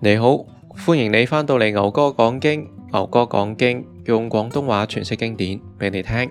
你好，歡迎你翻到嚟牛哥講經。牛哥講經，用廣東話詮釋經典畀你聽。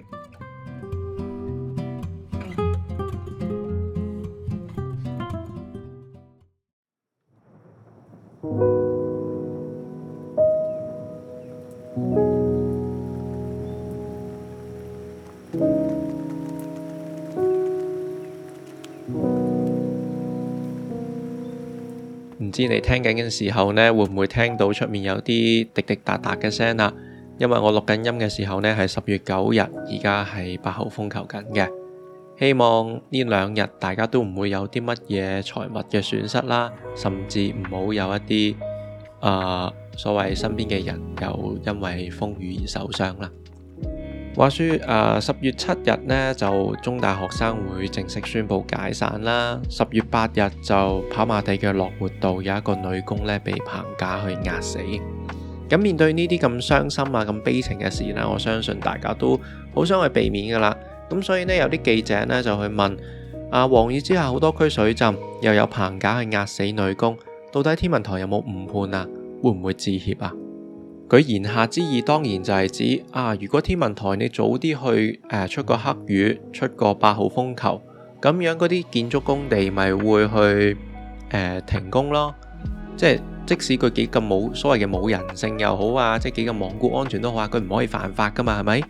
知你聽緊嘅時候呢，會唔會聽到出面有啲滴滴答答嘅聲呀？因為我錄緊音嘅時候呢，係十月九日，而家係八號風球緊嘅。希望呢兩日大家都唔會有啲乜嘢財物嘅損失啦，甚至唔好有一啲啊、呃、所謂身邊嘅人又因為風雨而受傷啦。話說，誒、呃，十月七日呢，就中大學生會正式宣布解散啦。十月八日就跑馬地嘅樂活道有一個女工呢，被棚架去壓死。咁面對呢啲咁傷心啊、咁悲情嘅事呢，我相信大家都好想去避免噶啦。咁所以呢，有啲記者呢，就去問：，啊，黃雨之下好多區水浸，又有棚架去壓死女工，到底天文台有冇誤判啊？會唔會致歉啊？佢言下之意當然就係指啊，如果天文台你早啲去誒、呃、出個黑雨，出個八號風球，咁樣嗰啲建築工地咪會去誒、呃、停工咯。即係即使佢幾咁冇所謂嘅冇人性又好啊，即係幾咁罔顧安全都好啊，佢唔可以犯法噶嘛，係咪？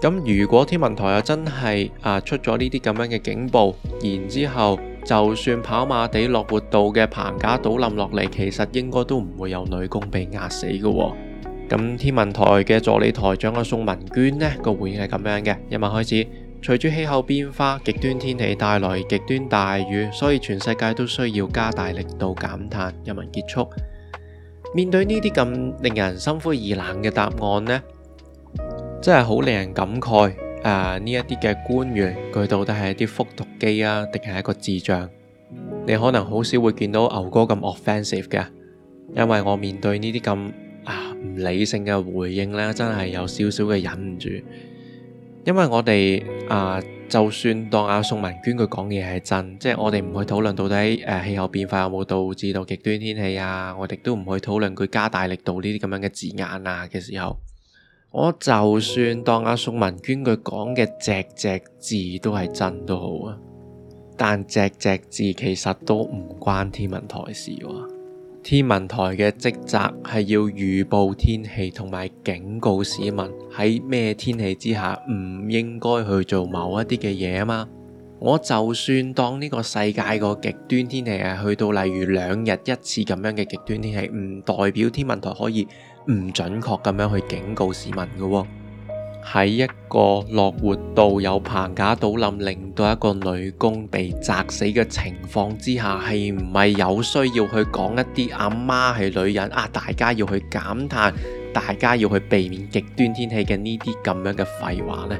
咁、嗯、如果天文台又真係啊、呃、出咗呢啲咁樣嘅警報，然之後就算跑馬地落活道嘅棚架倒冧落嚟，其實應該都唔會有女工被壓死嘅喎、哦。咁天文台嘅助理台長阿宋文娟呢個回應係咁樣嘅，引文開始，隨住氣候變化，極端天氣帶來極端大雨，所以全世界都需要加大力度減碳。引文結束，面對呢啲咁令人心灰意冷嘅答案呢，真係好令人感慨。誒、呃，呢一啲嘅官員佢到底係一啲複讀機啊，定係一個智障？你可能好少會見到牛哥咁 offensive 嘅，因為我面對呢啲咁。啊！唔理性嘅回應呢，真係有少少嘅忍唔住。因為我哋啊、呃，就算當阿宋文娟佢講嘢係真，即係我哋唔去討論到底誒、呃、氣候變化有冇導致到極端天氣啊，我哋都唔去討論佢加大力度呢啲咁樣嘅字眼啊嘅時候，我就算當阿宋文娟佢講嘅隻只字都係真都好啊，但隻只字其實都唔關天文台事喎、啊。天文台嘅職責係要預報天氣同埋警告市民喺咩天氣之下唔應該去做某一啲嘅嘢啊嘛！我就算當呢個世界個極端天氣係去到例如兩日一次咁樣嘅極端天氣，唔代表天文台可以唔準確咁樣去警告市民㗎喎。喺一個落活到有棚架倒冧，令到一個女工被砸死嘅情況之下，係唔係有需要去講一啲阿媽係女人啊？大家要去減碳，大家要去避免極端天氣嘅呢啲咁樣嘅廢話呢？」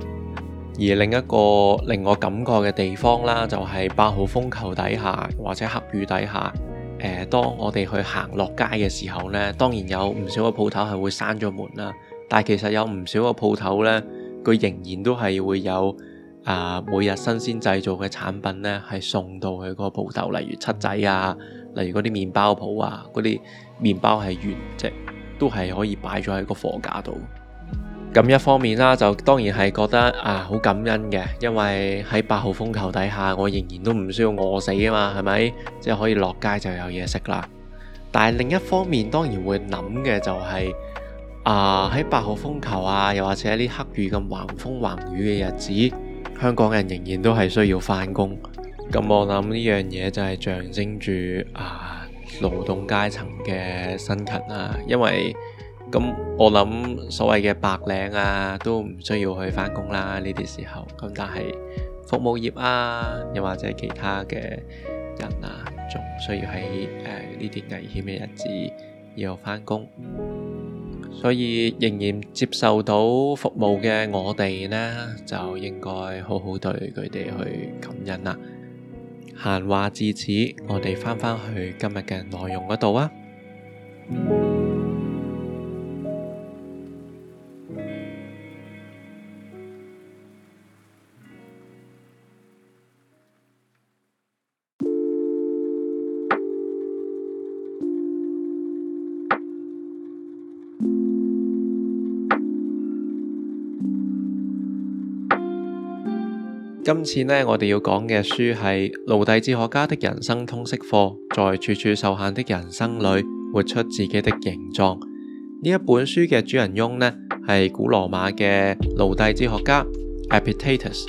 而另一個令我感覺嘅地方啦，就係八號風球底下或者黑雨底下，誒、呃，當我哋去行落街嘅時候呢，當然有唔少嘅鋪頭係會閂咗門啦。但其實有唔少個鋪頭呢，佢仍然都係會有啊每日新鮮製造嘅產品呢，係送到去個鋪頭，例如七仔啊，例如嗰啲麵包鋪啊，嗰啲麵包係原即都係可以擺咗喺個貨架度。咁一方面啦、啊，就當然係覺得啊好感恩嘅，因為喺八號風球底下，我仍然都唔需要餓死啊嘛，係咪？即係可以落街就有嘢食啦。但係另一方面，當然會諗嘅就係、是。啊！喺八號風球啊，又或者呢啲黑雨咁橫風橫雨嘅日子，香港人仍然都係需要翻工。咁我諗呢樣嘢就係象徵住啊勞動階層嘅辛勤啦。因為咁我諗所謂嘅白領啊，都唔需要去翻工啦呢啲時候。咁但係服務業啊，又或者其他嘅人啊，仲需要喺誒呢啲危險嘅日子要翻工。所以仍然接受到服務嘅我哋呢，就應該好好對佢哋去感恩啦。閒話至此，我哋翻返去今日嘅內容嗰度啊。今次呢，我哋要講嘅書係《奴隸哲學家的人生通識課：在處處受限的人生裡活出自己的形狀》。呢一本書嘅主人翁呢，係古羅馬嘅奴隸哲學家 Epictetus，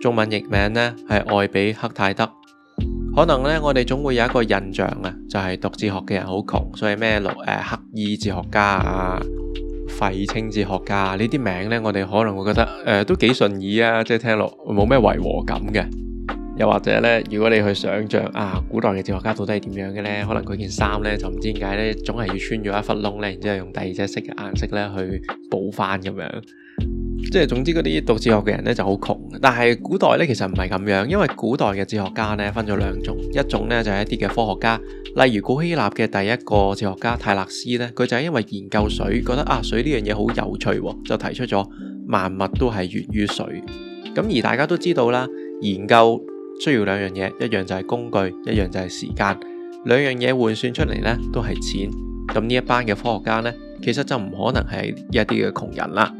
中文譯名呢，係愛比克泰德。可能呢，我哋總會有一個印象啊，就係、是、讀哲學嘅人好窮，所以咩奴誒黑衣哲學家啊。廢青哲學家呢啲名呢，我哋可能會覺得誒、呃、都幾順耳啊，即係聽落冇咩違和感嘅。又或者呢，如果你去想象啊，古代嘅哲學家到底係點樣嘅呢？可能佢件衫呢，就唔知點解呢，總係要穿咗一忽窿呢，然之後用第二隻色嘅顏色呢去補翻咁樣。即係總之嗰啲讀哲學嘅人咧就好窮，但係古代咧其實唔係咁樣，因為古代嘅哲學家咧分咗兩種，一種咧就係、是、一啲嘅科學家，例如古希臘嘅第一個哲學家泰勒斯咧，佢就係因為研究水，覺得啊水呢樣嘢好有趣、哦，就提出咗萬物都係源於水。咁而大家都知道啦，研究需要兩樣嘢，一樣就係工具，一樣就係時間，兩樣嘢換算出嚟咧都係錢。咁呢一班嘅科學家咧，其實就唔可能係一啲嘅窮人啦。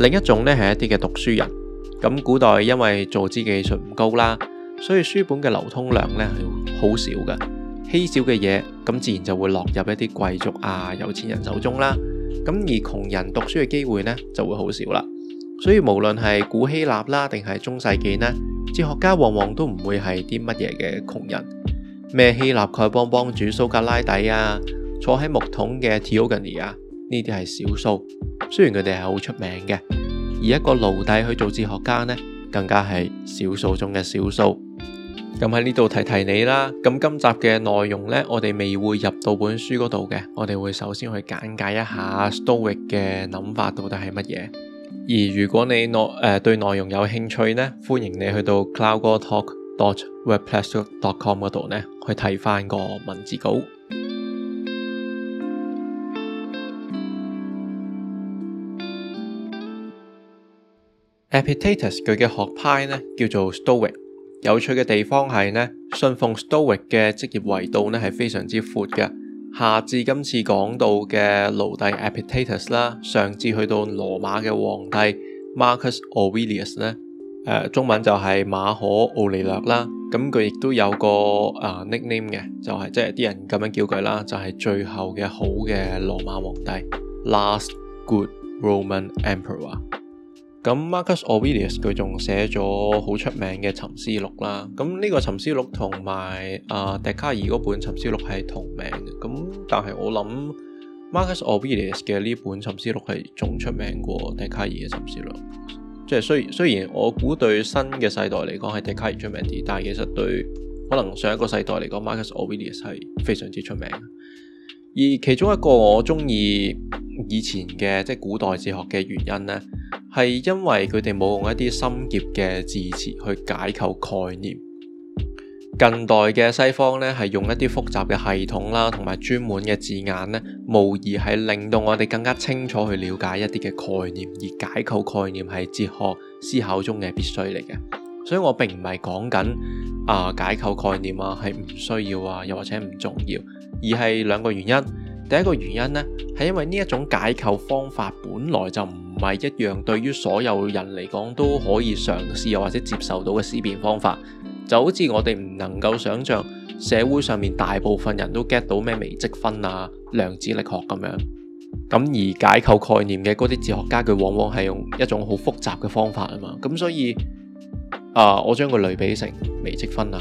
另一種咧係一啲嘅讀書人，咁古代因為造紙技術唔高啦，所以書本嘅流通量咧係好少嘅，稀少嘅嘢，咁自然就會落入一啲貴族啊、有錢人手中啦。咁而窮人讀書嘅機會呢就會好少啦。所以無論係古希臘啦，定係中世紀呢，哲學家往往都唔會係啲乜嘢嘅窮人，咩希臘丐幫幫主蘇格拉底啊，坐喺木桶嘅 t i 提奧根尼啊。呢啲係少數，雖然佢哋係好出名嘅，而一個奴隸去做哲學家呢，更加係少數中嘅少數。咁喺呢度提提你啦。咁今集嘅內容呢，我哋未會入到本書嗰度嘅，我哋會首先去簡介一下 Stoic 嘅諗法到底係乜嘢。而如果你內誒、呃、對內容有興趣呢，歡迎你去到 cowgortalk.wordpress.com 嗰度呢，去睇翻個文字稿。Epictetus 佢嘅學派呢，叫做 Stoic。有趣嘅地方係呢，信奉 Stoic 嘅職業圍度呢係非常之闊嘅，下至今次講到嘅奴隸 Epictetus 啦，上至去到羅馬嘅皇帝 Marcus Aurelius 呢、呃，中文就係馬可奧利略啦。咁佢亦都有個啊、呃、nickname 嘅，就係、是、即係啲人咁樣叫佢啦，就係、是、最後嘅好嘅羅馬皇帝，Last Good Roman Emperor。咁 Marcus Aurelius 佢仲寫咗好出名嘅《沉思錄》啦，咁呢個《沉思錄》同埋阿笛卡爾嗰本《沉思錄》係同名嘅，咁但係我諗 Marcus Aurelius 嘅呢本《沉思錄》係仲出名過笛卡爾嘅《沉思錄》，即係雖雖然我估對新嘅世代嚟講係笛卡爾出名啲，但係其實對可能上一個世代嚟講，Marcus Aurelius 係非常之出名。而其中一個我中意以前嘅即係古代哲學嘅原因呢，係因為佢哋冇用一啲深澀嘅字詞去解構概念。近代嘅西方呢，係用一啲複雜嘅系統啦，同埋專門嘅字眼呢，無疑係令到我哋更加清楚去了解一啲嘅概念，而解構概念係哲學思考中嘅必須嚟嘅。所以我並唔係講緊啊解構概念啊係唔需要啊，又或者唔重要。而係兩個原因，第一個原因呢，係因為呢一種解構方法本來就唔係一樣，對於所有人嚟講都可以嘗試又或者接受到嘅思辨方法，就好似我哋唔能夠想象社會上面大部分人都 get 到咩微積分啊、量子力學咁樣，咁而解構概念嘅嗰啲哲學家，佢往往係用一種好複雜嘅方法啊嘛，咁所以啊，我將佢類比成微積分啊。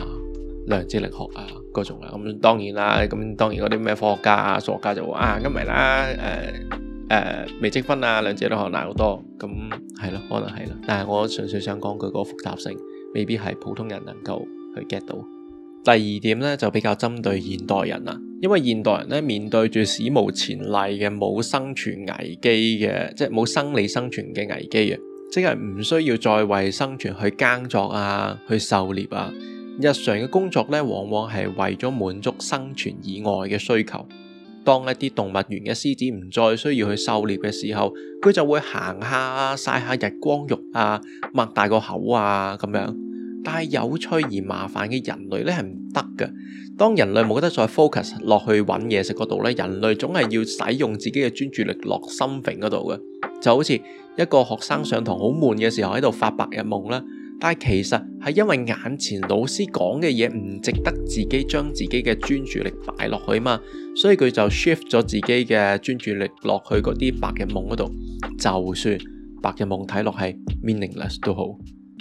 量子力學啊，嗰種啊，咁當然啦，咁當然嗰啲咩科學家啊、數學家就話啊，咁唔係啦，誒、呃、誒、呃，微積分啊，量子力學難好多，咁係咯，可能係咯，但係我純粹想講佢個複雜性，未必係普通人能夠去 get 到。第二點呢，就比較針對現代人啊，因為現代人呢，面對住史無前例嘅冇生存危機嘅，即係冇生理生存嘅危機嘅，即係唔需要再為生存去耕作啊，去狩獵啊。日常嘅工作呢，往往係為咗滿足生存以外嘅需求。當一啲動物園嘅獅子唔再需要去狩獵嘅時候，佢就會行下啊，曬下日光浴啊，擘大個口啊咁樣。但係有趣而麻煩嘅人類呢係唔得嘅。當人類冇得再 focus 落去揾嘢食嗰度呢，人類總係要使用自己嘅專注力落心形嗰度嘅。就好似一個學生上堂好悶嘅時候喺度發白日夢啦。但係其實係因為眼前老師講嘅嘢唔值得自己將自己嘅專注力擺落去嘛，所以佢就 shift 咗自己嘅專注力落去嗰啲白日夢嗰度，就算白日夢睇落係 meaningless 都好。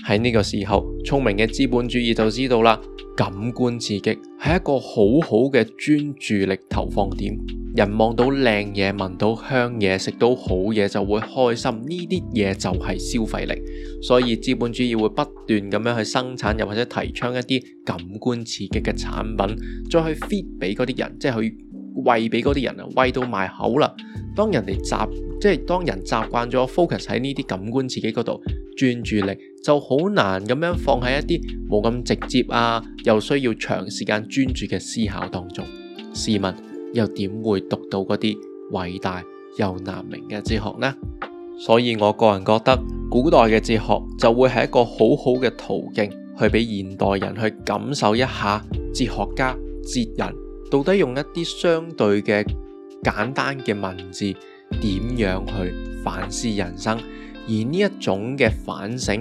喺呢個時候，聰明嘅資本主義就知道啦，感官刺激係一個好好嘅專注力投放點。人望到靚嘢，聞到香嘢，食到好嘢就會開心。呢啲嘢就係消費力，所以資本主義會不斷咁樣去生產，又或者提倡一啲感官刺激嘅產品，再去 feed 俾嗰啲人，即係去喂俾嗰啲人啊，喂到埋口啦。當人哋習，即係當人習慣咗 focus 喺呢啲感官刺激嗰度，專注力。就好難咁樣放喺一啲冇咁直接啊，又需要長時間專注嘅思考當中。試問又點會讀到嗰啲偉大又難明嘅哲學呢？所以我個人覺得古代嘅哲學就會係一個好好嘅途徑，去俾現代人去感受一下哲學家哲人到底用一啲相對嘅簡單嘅文字，點樣去反思人生，而呢一種嘅反省。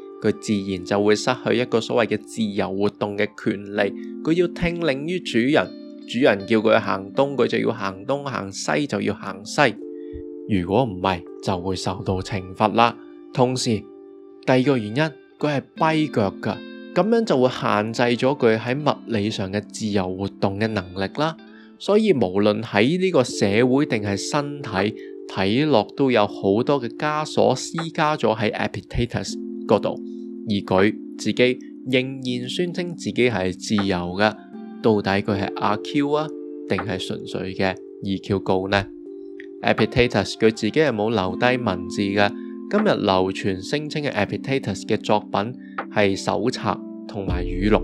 佢自然就會失去一個所謂嘅自由活動嘅權利，佢要聽令於主人，主人叫佢行東，佢就要行東；行西就要行西。如果唔係，就會受到懲罰啦。同時，第二個原因，佢係跛腳噶，咁樣就會限制咗佢喺物理上嘅自由活動嘅能力啦。所以無論喺呢個社會定係身體睇落，都有好多嘅枷鎖施加咗喺 Epictetus 嗰度。而佢自己仍然宣稱自己係自由嘅，到底佢係阿 Q 啊，定係純粹嘅 EQ 高呢？Epictetus 佢自己係冇留低文字嘅，今日流傳聲稱嘅 Epictetus 嘅作品係手冊同埋語錄。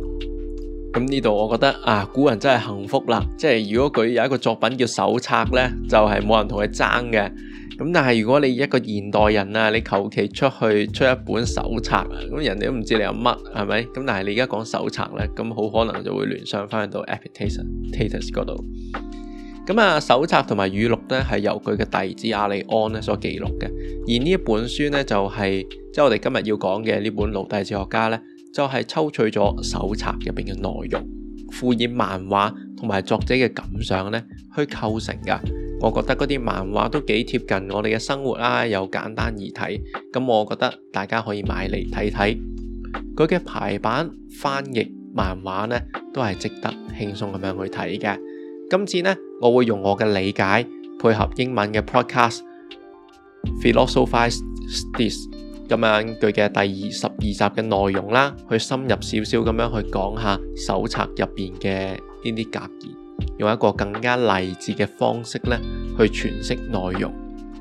咁呢度我覺得啊，古人真係幸福啦，即係如果佢有一個作品叫手冊咧，就係、是、冇人同佢爭嘅。咁但係如果你一個現代人啊，你求其出去出一本手冊啊，咁人哋都唔知你有乜係咪？咁但係你而家講手冊呢，咁好可能就會聯想翻去到 Epictetus 嗰度。咁啊，手冊同埋語錄呢，係由佢嘅弟子阿里安呢所記錄嘅，而呢一本書呢，就係即係我哋今日要講嘅呢本奴隸哲學家呢，就係、是、抽取咗手冊入邊嘅內容，附以漫畫同埋作者嘅感想呢去構成噶。我覺得嗰啲漫畫都幾貼近我哋嘅生活啦，又簡單易睇，咁我覺得大家可以買嚟睇睇。佢嘅排版、翻譯、漫畫呢都係值得輕鬆咁樣去睇嘅。今次呢，我會用我嘅理解配合英文嘅 podcast《Philosophize This》，咁樣佢嘅第二十二集嘅內容啦，去深入少少咁樣去講下手冊入邊嘅呢啲格言。用一個更加勵志嘅方式咧，去詮釋內容。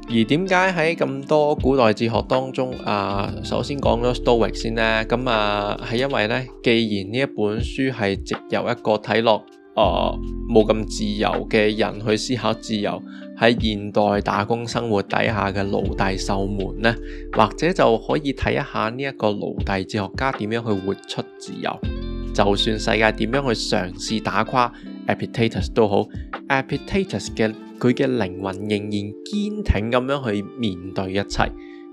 而點解喺咁多古代哲學當中啊，首先講咗 Stoic 先呢？咁啊係因為呢，既然呢一本書係藉由一個睇落啊冇咁自由嘅人去思考自由，喺現代打工生活底下嘅奴隸受門呢，或者就可以睇一下呢一個奴隸哲學家點樣去活出自由，就算世界點樣去嘗試打垮，Epictetus 都好，Epictetus 嘅，佢嘅靈魂仍然堅挺咁樣去面對一切。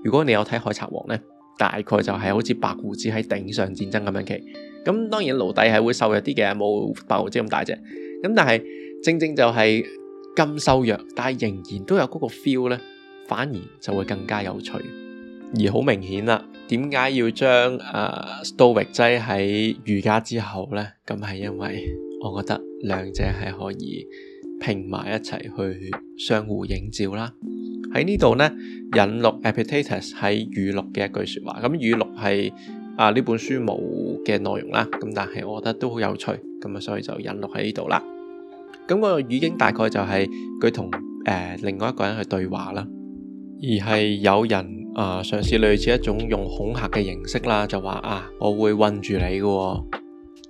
如果你有睇《海賊王》呢，大概就係好似白鬍子喺頂上戰爭咁樣企。咁當然奴隸係會瘦弱啲嘅，冇白鬍子咁大隻。咁但係正正就係咁瘦弱，但係仍然都有嗰個 feel 呢，反而就會更加有趣。而好明顯啦，點解要將誒、uh, Stoic 擠喺儒家之後呢？咁係因為。我覺得兩者係可以拼埋一齊去相互映照啦。喺呢度呢，引錄 Epictetus 喺語錄嘅一句說話。咁語錄係啊呢本書冇嘅內容啦。咁但係我覺得都好有趣。咁啊，所以就引錄喺呢度啦。咁個語境大概就係佢同誒另外一個人去對話啦，而係有人啊嘗試類似一種用恐嚇嘅形式啦，就話啊我會困住你噶、哦。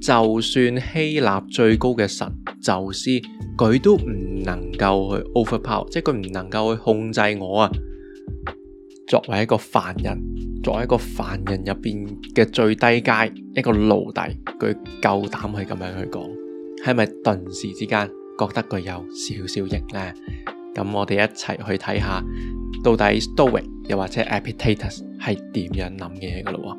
就算希臘最高嘅神宙斯，佢都唔能夠去 overpower，即係佢唔能夠去控制我啊！作為一個凡人，作為一個凡人入邊嘅最低階一個奴隸，佢夠膽去咁樣去講，係咪頓時之間覺得佢有少少型咧？咁我哋一齊去睇下，到底 Stoic 又或者 Epictetus 係點樣諗嘢嘅咯。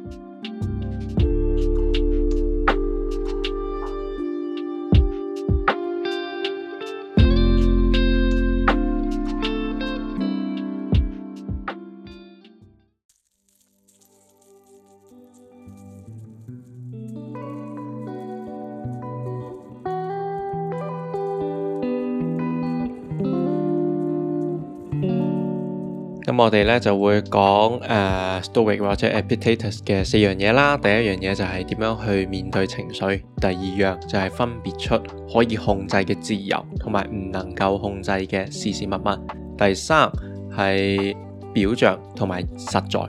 我哋咧就會講誒 Stoic 或者 Epictetus 嘅四樣嘢啦。第一樣嘢就係點樣去面對情緒。第二樣就係分別出可以控制嘅自由同埋唔能夠控制嘅事事物物。第三係表象同埋實在，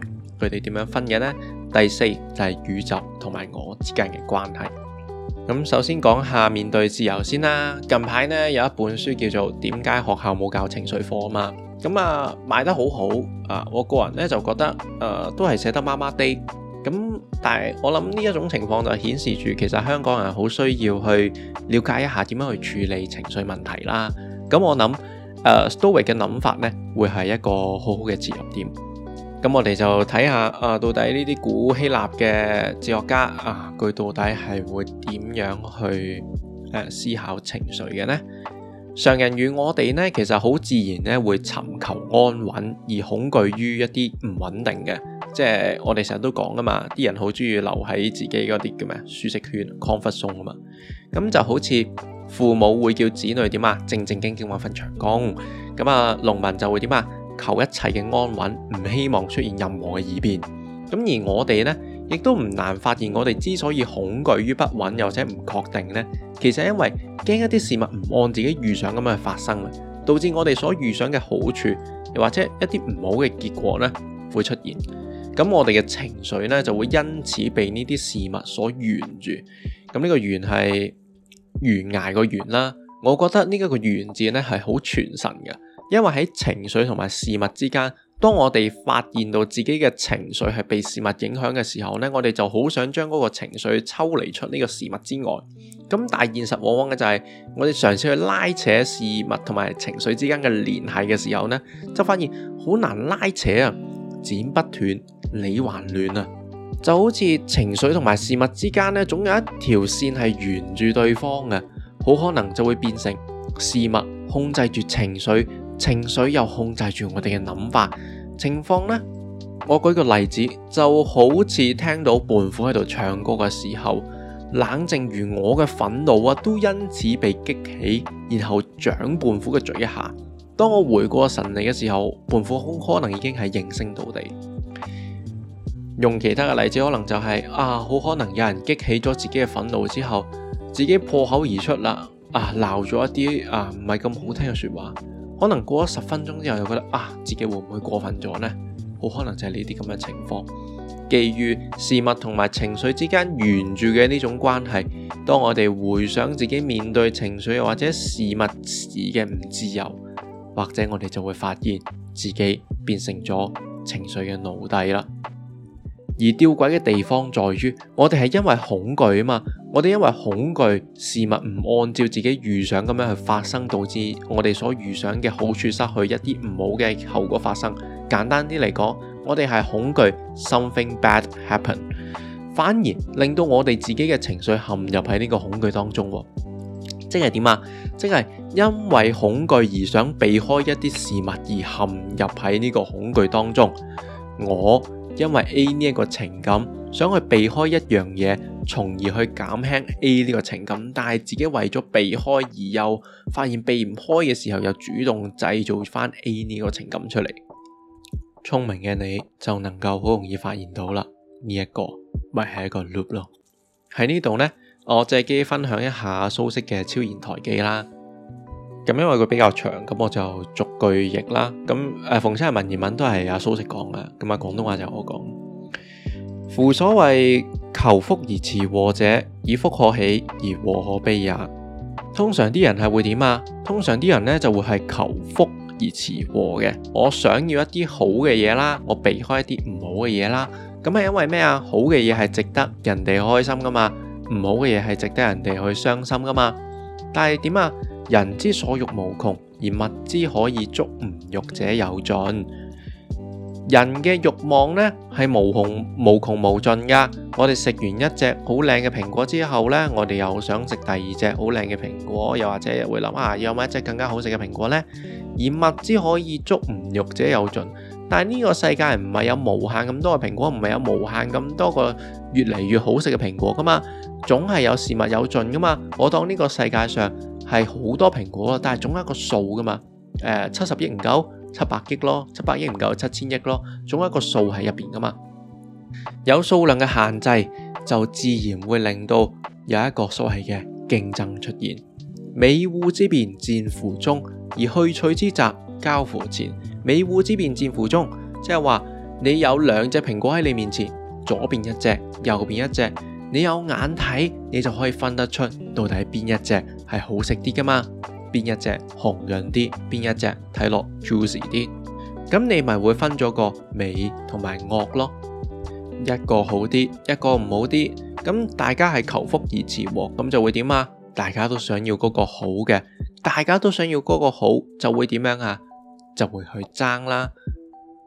佢哋點樣分嘅呢？第四就係宇宙同埋我之間嘅關係。咁首先講下面對自由先啦。近排呢有一本書叫做《點解學校冇教情緒課》啊嘛。咁啊，賣得好好啊！我個人咧就覺得，誒都係寫得麻麻地。咁，但係我諗呢一種情況就顯示住，其實香港人好需要去了解一下點樣去處理情緒問題啦。咁我諗，誒 Stoic 嘅諗法咧，會係一個好好嘅切入點。咁我哋就睇下，誒到底呢啲古希臘嘅哲學家啊，佢到底係會點樣去誒思考情緒嘅呢？常人與我哋呢，其實好自然咧，會尋求安穩，而恐懼於一啲唔穩定嘅。即係我哋成日都講噶嘛，啲人好中意留喺自己嗰啲叫咩啊舒適圈 comfort zone 啊嘛。咁就好似父母會叫子女點啊，正正經經揾份長工。咁啊，農民就會點啊，求一切嘅安穩，唔希望出現任何嘅異變。咁而我哋呢。亦都唔難發現，我哋之所以恐懼於不穩，又或者唔確定呢，其實因為驚一啲事物唔按自己預想咁樣去發生，導致我哋所預想嘅好處，又或者一啲唔好嘅結果呢，會出現。咁我哋嘅情緒呢，就會因此被呢啲事物所懸住。咁呢個懸係懸崖個懸啦。我覺得呢一個懸字呢，係好傳神嘅，因為喺情緒同埋事物之間。當我哋發現到自己嘅情緒係被事物影響嘅時候呢，我哋就好想將嗰個情緒抽離出呢個事物之外。咁但係現實往往嘅就係，我哋嘗試去拉扯事物同埋情緒之間嘅聯繫嘅時候呢，就發現好難拉扯啊，剪不斷，理還亂啊。就好似情緒同埋事物之間呢，總有一條線係沿住對方嘅，好可能就會變成事物控制住情緒。情緒又控制住我哋嘅諗法情況呢，我舉個例子，就好似聽到胖虎喺度唱歌嘅時候，冷靜如我嘅憤怒啊，都因此被激起，然後掌胖虎嘅嘴一下。當我回過神嚟嘅時候，胖虎好可能已經係應聲倒地。用其他嘅例子，可能就係啊，好可能有人激起咗自己嘅憤怒之後，自己破口而出啦，啊鬧咗一啲啊唔係咁好聽嘅説話。可能過咗十分鐘之後又覺得啊，自己會唔會過分咗呢？好可能就係呢啲咁嘅情況，基於事物同埋情緒之間沿住嘅呢種關係，當我哋回想自己面對情緒或者事物時嘅唔自由，或者我哋就會發現自己變成咗情緒嘅奴隸啦。而吊詭嘅地方，在於我哋係因為恐懼啊嘛，我哋因為恐懼事物唔按照自己預想咁樣去發生，導致我哋所預想嘅好處失去，一啲唔好嘅後果發生。簡單啲嚟講，我哋係恐懼 something bad happen，反而令到我哋自己嘅情緒陷入喺呢個恐懼當中。即係點啊？即係因為恐懼而想避開一啲事物而陷入喺呢個恐懼當中，我因為 A 呢一個情感，想去避開一樣嘢，從而去減輕 A 呢個情感，但係自己為咗避開而又發現避唔開嘅時候，又主動製造翻 A 呢個情感出嚟。聰明嘅你就能夠好容易發現到啦，呢、這、一個咪係、就是、一個 loop 咯。喺呢度呢，我借機分享一下蘇軾嘅《超然台記》啦。咁因為佢比較長，咁我就逐句譯啦。咁誒，逢親係文言文都係阿蘇識講嘅。咁啊廣東話就係我講。夫所謂求福而辭禍者，以福可喜而禍可悲也。通常啲人係會點啊？通常啲人呢就會係求福而辭禍嘅。我想要一啲好嘅嘢啦，我避開一啲唔好嘅嘢啦。咁係因為咩啊？好嘅嘢係值得人哋開心噶嘛，唔好嘅嘢係值得人哋去傷心噶嘛。但係點啊？人之所欲無窮，而物之可以足吾欲者有盡。人嘅欲望呢係無窮無窮無盡噶。我哋食完一隻好靚嘅蘋果之後呢，我哋又想食第二隻好靚嘅蘋果，又或者會諗下有冇一隻更加好食嘅蘋果呢。而物之可以足吾欲者有盡，但係呢個世界唔係有無限咁多嘅蘋果，唔係有無限咁多個越嚟越好食嘅蘋果噶嘛，總係有事物有盡噶嘛。我當呢個世界上。係好多蘋果，但係總有一個數噶嘛。誒、呃，七十億唔夠，七百億咯，七百億唔夠，七千億咯，總有一個數喺入邊噶嘛。有數量嘅限制，就自然會令到有一個所謂嘅競爭出現。美惡之辨戰乎中，而去取之擇交乎前。美惡之辨戰乎中，即係話你有兩隻蘋果喺你面前，左邊一隻，右邊一隻。你有眼睇，你就可以分得出到底邊一隻係好食啲噶嘛？邊一隻紅潤啲，邊一隻睇落 juicy 啲，咁你咪會分咗個美同埋惡咯，一個好啲，一個唔好啲，咁大家係求福而辭禍，咁就會點啊？大家都想要嗰個好嘅，大家都想要嗰個好，就會點樣啊？就會去爭啦！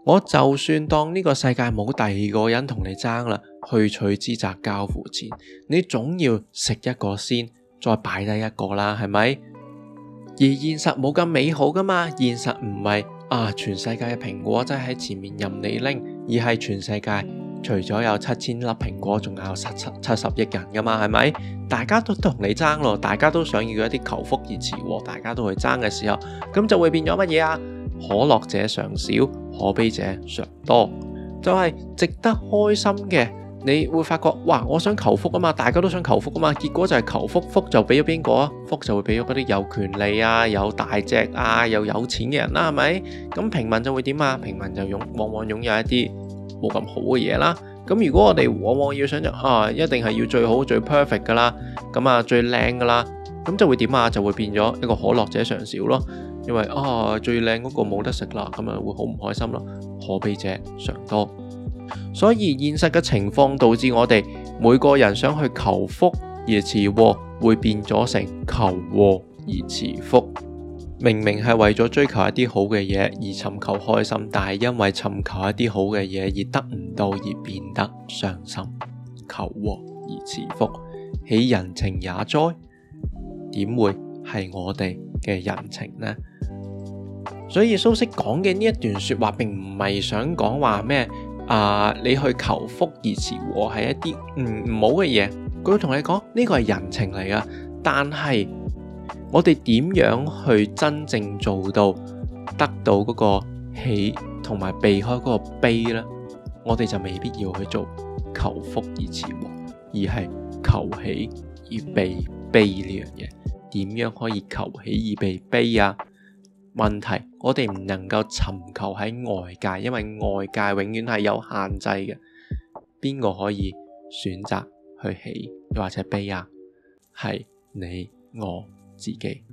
我就算當呢個世界冇第二個人同你爭啦。去取之責交付前，你總要食一個先，再擺低一個啦，係咪？而現實冇咁美好噶嘛？現實唔係啊，全世界嘅蘋果真係喺前面任你拎，而係全世界除咗有七千粒蘋果，仲有七七七十億人噶嘛？係咪？大家都同你爭咯，大家都想要一啲求福而詞，大家都去爭嘅時候，咁就會變咗乜嘢啊？可樂者常少，可悲者常多，就係、是、值得開心嘅。你會發覺，哇！我想求福啊嘛，大家都想求福啊嘛，結果就係求福，福就俾咗邊個啊？福就會俾咗嗰啲有權利啊、有大隻啊、又有錢嘅人啦、啊，係咪？咁平民就會點啊？平民就擁往往擁有一啲冇咁好嘅嘢啦。咁如果我哋往往要想象，啊，一定係要最好最 perfect 噶啦，咁啊最靚噶啦，咁就會點啊？就會變咗一個可樂者常少咯，因為啊最靚嗰個冇得食啦，咁啊會好唔開心咯，可悲者常多。所以現實嘅情況導致我哋每個人想去求福而辭禍，會變咗成求禍而辭福。明明係為咗追求一啲好嘅嘢而尋求開心，但係因為尋求一啲好嘅嘢而得唔到而變得傷心，求禍而辭福，豈人情也哉？點會係我哋嘅人情呢？所以蘇軾講嘅呢一段說話，並唔係想講話咩？啊！你去求福而辭禍係一啲唔唔好嘅嘢，佢會同你講呢個係人情嚟噶。但係我哋點樣去真正做到得到嗰個喜，同埋避開嗰個悲呢？我哋就未必要去做求福而辭禍，而係求喜而避悲呢樣嘢。點樣可以求喜而避悲啊？問題，我哋唔能夠尋求喺外界，因為外界永遠係有限制嘅。邊個可以選擇去喜，又或者悲啊？係你我自己。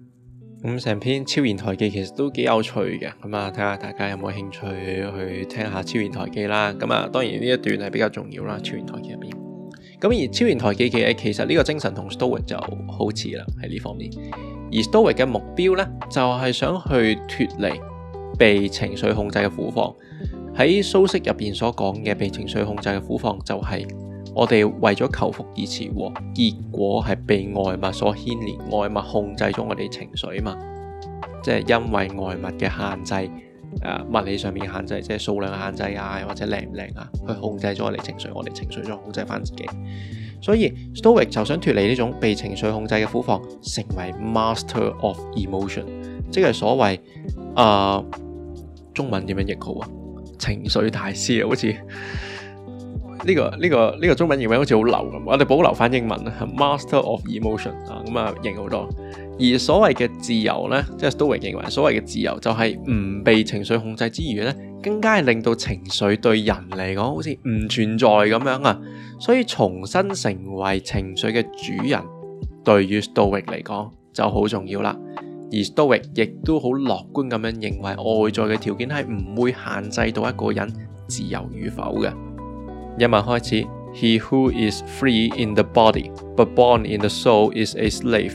咁成篇《超然台記》其實都幾有趣嘅，咁啊睇下大家有冇興趣去聽下《超然台記》啦。咁啊，當然呢一段係比較重要啦，《超然台記》入邊。咁而《超然台記》嘅其實呢個精神同 Stoic 就好似啦，喺呢方面。而 Stoic 嘅目標呢，就係想去脱離被情緒控制嘅苦況。喺蘇適入邊所講嘅被情緒控制嘅苦況，就係我哋為咗求福而辭禍，結果係被外物所牽連，外物控制咗我哋情緒啊嘛，即係因為外物嘅限制。Uh, 物理上面嘅限制，即係數量嘅限制啊，或者靚唔靚啊，去控制咗我哋情緒，我哋情緒再控制翻自己。所以 Stoic 就想脫離呢種被情緒控制嘅苦況，成為 Master of Emotion，即係所謂誒、呃、中文點樣譯好啊？情緒大師啊，好似呢、 呢個呢、呢個呢、呢個中文譯名好似好流咁。我哋保留翻英文 Master of Emotion 啊，咁啊型好多。而所謂嘅自由呢，即係 Stoic 認為所謂嘅自由就係唔被情緒控制之餘咧，更加係令到情緒對人嚟講好似唔存在咁樣啊。所以重新成為情緒嘅主人，對於 Stoic 嚟講就好重要啦。而 Stoic 亦都好樂觀咁樣認為外在嘅條件係唔會限制到一個人自由與否嘅。一文開始，He who is free in the body but born in the soul is a slave。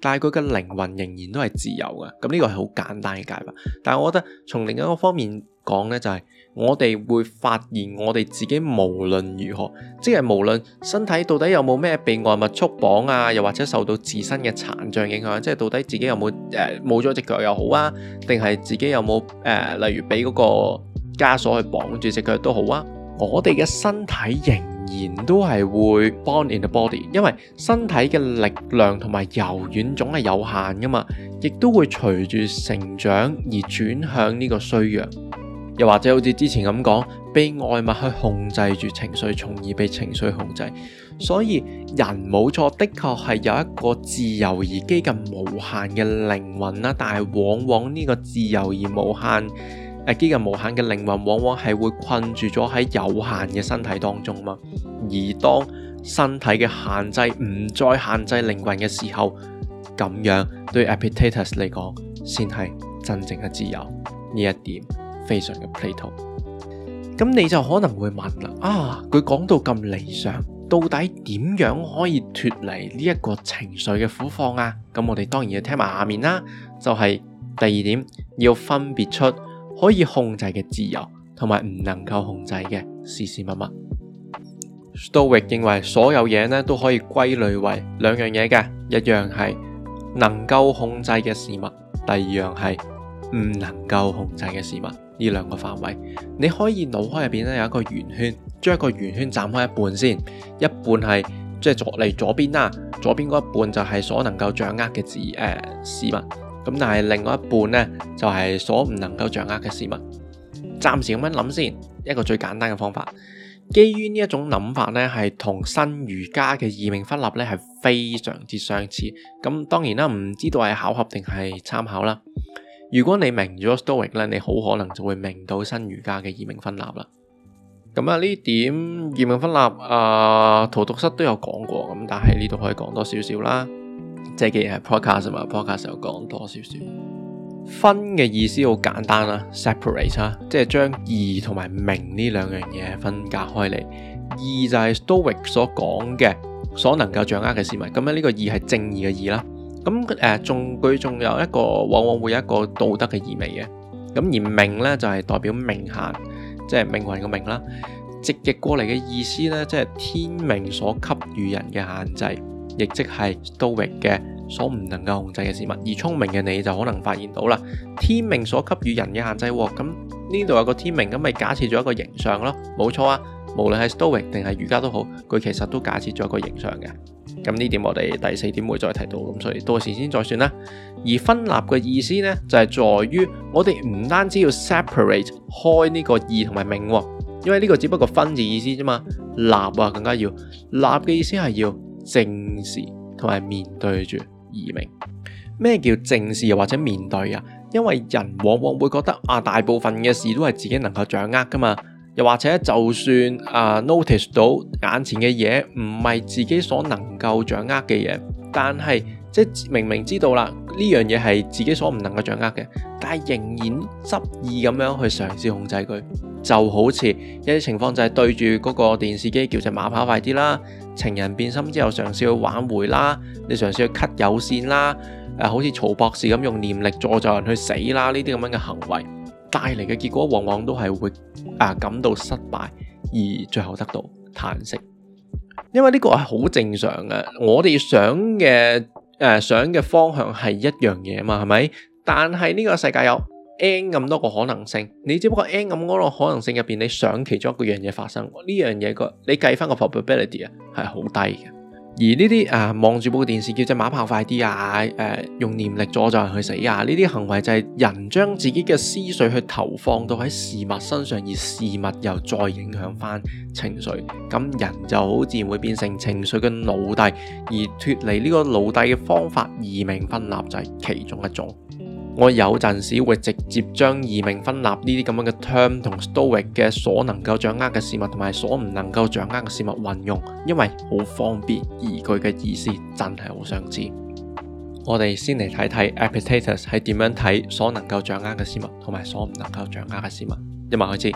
但係佢嘅靈魂仍然都係自由嘅，咁呢個係好簡單嘅解法。但係我覺得從另一個方面講呢，就係、是、我哋會發現我哋自己無論如何，即係無論身體到底有冇咩被外物束綁啊，又或者受到自身嘅殘障影響，即係到底自己有冇誒冇咗隻腳又好啊，定係自己有冇誒、呃、例如俾嗰個枷鎖去綁住隻腳都好啊， 我哋嘅身體型。然都係會 born in the body，因為身體嘅力量同埋柔軟總係有限噶嘛，亦都會隨住成長而轉向呢個衰弱，又或者好似之前咁講，被外物去控制住情緒，從而被情緒控制。所以人冇錯，的確係有一個自由而幾近無限嘅靈魂啦，但係往往呢個自由而無限。誒，幾近無限嘅靈魂，往往係會困住咗喺有限嘅身體當中嘛。而當身體嘅限制唔再限制靈魂嘅時候，咁樣對 Epictetus 嚟講，先係真正嘅自由。呢一點非常嘅 Plato。咁你就可能會問啦，啊，佢講到咁理想，到底點樣可以脫離呢一個情緒嘅苦況啊？咁我哋當然要聽埋下面啦，就係第二點，要分別出。可以控制嘅自由，同埋唔能夠控制嘅事事物物。Stoic 認為所有嘢呢都可以歸類為兩樣嘢嘅，一樣係能夠控制嘅事物，第二樣係唔能夠控制嘅事物。呢兩個範圍，你可以腦海入面呢有一個圓圈，將一個圓圈斬開一半先，一半係即係左嚟左邊啦，左邊嗰一半就係所能夠掌握嘅事誒事物。咁但係另外一半呢，就係、是、所唔能夠掌握嘅事物。暫時咁樣諗先，一個最簡單嘅方法。基於呢一種諗法呢，係同新儒家嘅義命分立呢係非常之相似。咁當然啦、啊，唔知道係巧合定係參考啦。如果你明咗 Stoic 呢，你好可能就會明到新儒家嘅義命分立啦。咁啊，呢點義命分立啊、呃，荼毒室都有講過咁，但係呢度可以講多少少啦。即係嘅嘢係 podcast 嘛，podcast 又講多少少，分嘅意思好簡單啦，separate 即係將義同埋命呢兩樣嘢分隔開嚟。義就係 Stoic 所講嘅，所能夠掌握嘅事物。咁樣呢個義係正義嘅義啦。咁誒，仲佢仲有一個，往往會有一個道德嘅意味嘅。咁而命呢，就係、是、代表命限，即係命運嘅命啦。直譯過嚟嘅意思呢，即係天命所給予人嘅限制。亦即係 Stoic 嘅所唔能夠控制嘅事物，而聰明嘅你就可能發現到啦。天命所給予人嘅限制，咁呢度有個天命咁，咪假設咗一個形象咯，冇錯啊。無論係 Stoic 定係儒家都好，佢其實都假設咗一個形象嘅。咁呢點我哋第四點會再提到，咁所以到時先再算啦。而分立嘅意思呢，就係在於我哋唔單止要 separate 開呢個義同埋命，因為呢個只不過分字意思啫嘛，立啊，更加要立嘅意思係要。正視同埋面對住義命，咩叫正視或者面對啊？因為人往往會覺得啊，大部分嘅事都係自己能夠掌握噶嘛。又或者就算啊、呃、notice 到眼前嘅嘢唔係自己所能夠掌握嘅嘢，但係即明明知道啦，呢樣嘢係自己所唔能夠掌握嘅，但係仍然執意咁樣去嘗試控制佢，就好似有啲情況就係對住嗰個電視機叫隻馬跑快啲啦。情人變心之後，嘗試去挽回啦，你嘗試去 cut 友善啦，誒、啊，好似曹博士咁用念力助助人去死啦，呢啲咁樣嘅行為帶嚟嘅結果，往往都係會誒、啊、感到失敗，而最後得到嘆息。因為呢個係好正常嘅，我哋想嘅誒、呃、想嘅方向係一樣嘢嘛，係咪？但係呢個世界有 n 咁多個可能性，你只不過 n 咁多個可能性入邊，你想其中一樣嘢發生，呢樣嘢個你計翻個 probability 啊，係好低嘅。而呢啲啊，望住部電視叫隻馬跑快啲啊，誒、呃、用念力阻咒人去死啊，呢啲行為就係人將自己嘅思緒去投放到喺事物身上，而事物又再影響翻情緒，咁人就好自然會變成情緒嘅奴隸，而脫離呢個奴隸嘅方法，義命分立就係、是、其中一種。我有陣時會直接將義命分立呢啲咁樣嘅 term 同 stoic 嘅所能夠掌握嘅事物同埋所唔能夠掌握嘅事物運用，因為好方便。而佢嘅意思真係好相似。我哋先嚟睇睇 Epictetus 係點樣睇所能夠掌握嘅事物同埋所唔能夠掌握嘅事物。一望可知，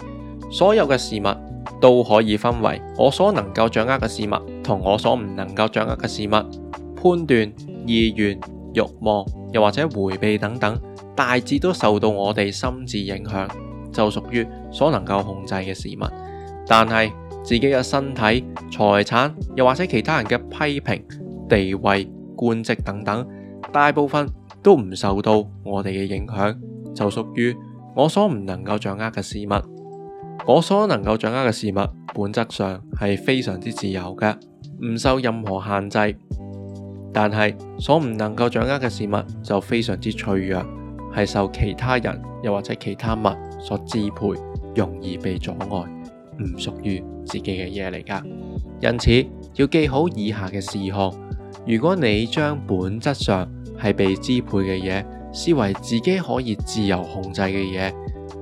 所有嘅事物都可以分為我所能夠掌握嘅事物同我所唔能夠掌握嘅事物，判斷、意願、慾望，又或者回避等等。大致都受到我哋心智影響，就屬於所能夠控制嘅事物。但係自己嘅身體、財產，又或者其他人嘅批評、地位、官職等等，大部分都唔受到我哋嘅影響，就屬於我所唔能夠掌握嘅事物。我所能夠掌握嘅事物本質上係非常之自由嘅，唔受任何限制。但係所唔能夠掌握嘅事物就非常之脆弱。係受其他人又或者其他物所支配，容易被阻礙，唔屬於自己嘅嘢嚟㗎。因此要記好以下嘅事項：如果你將本質上係被支配嘅嘢，視為自己可以自由控制嘅嘢，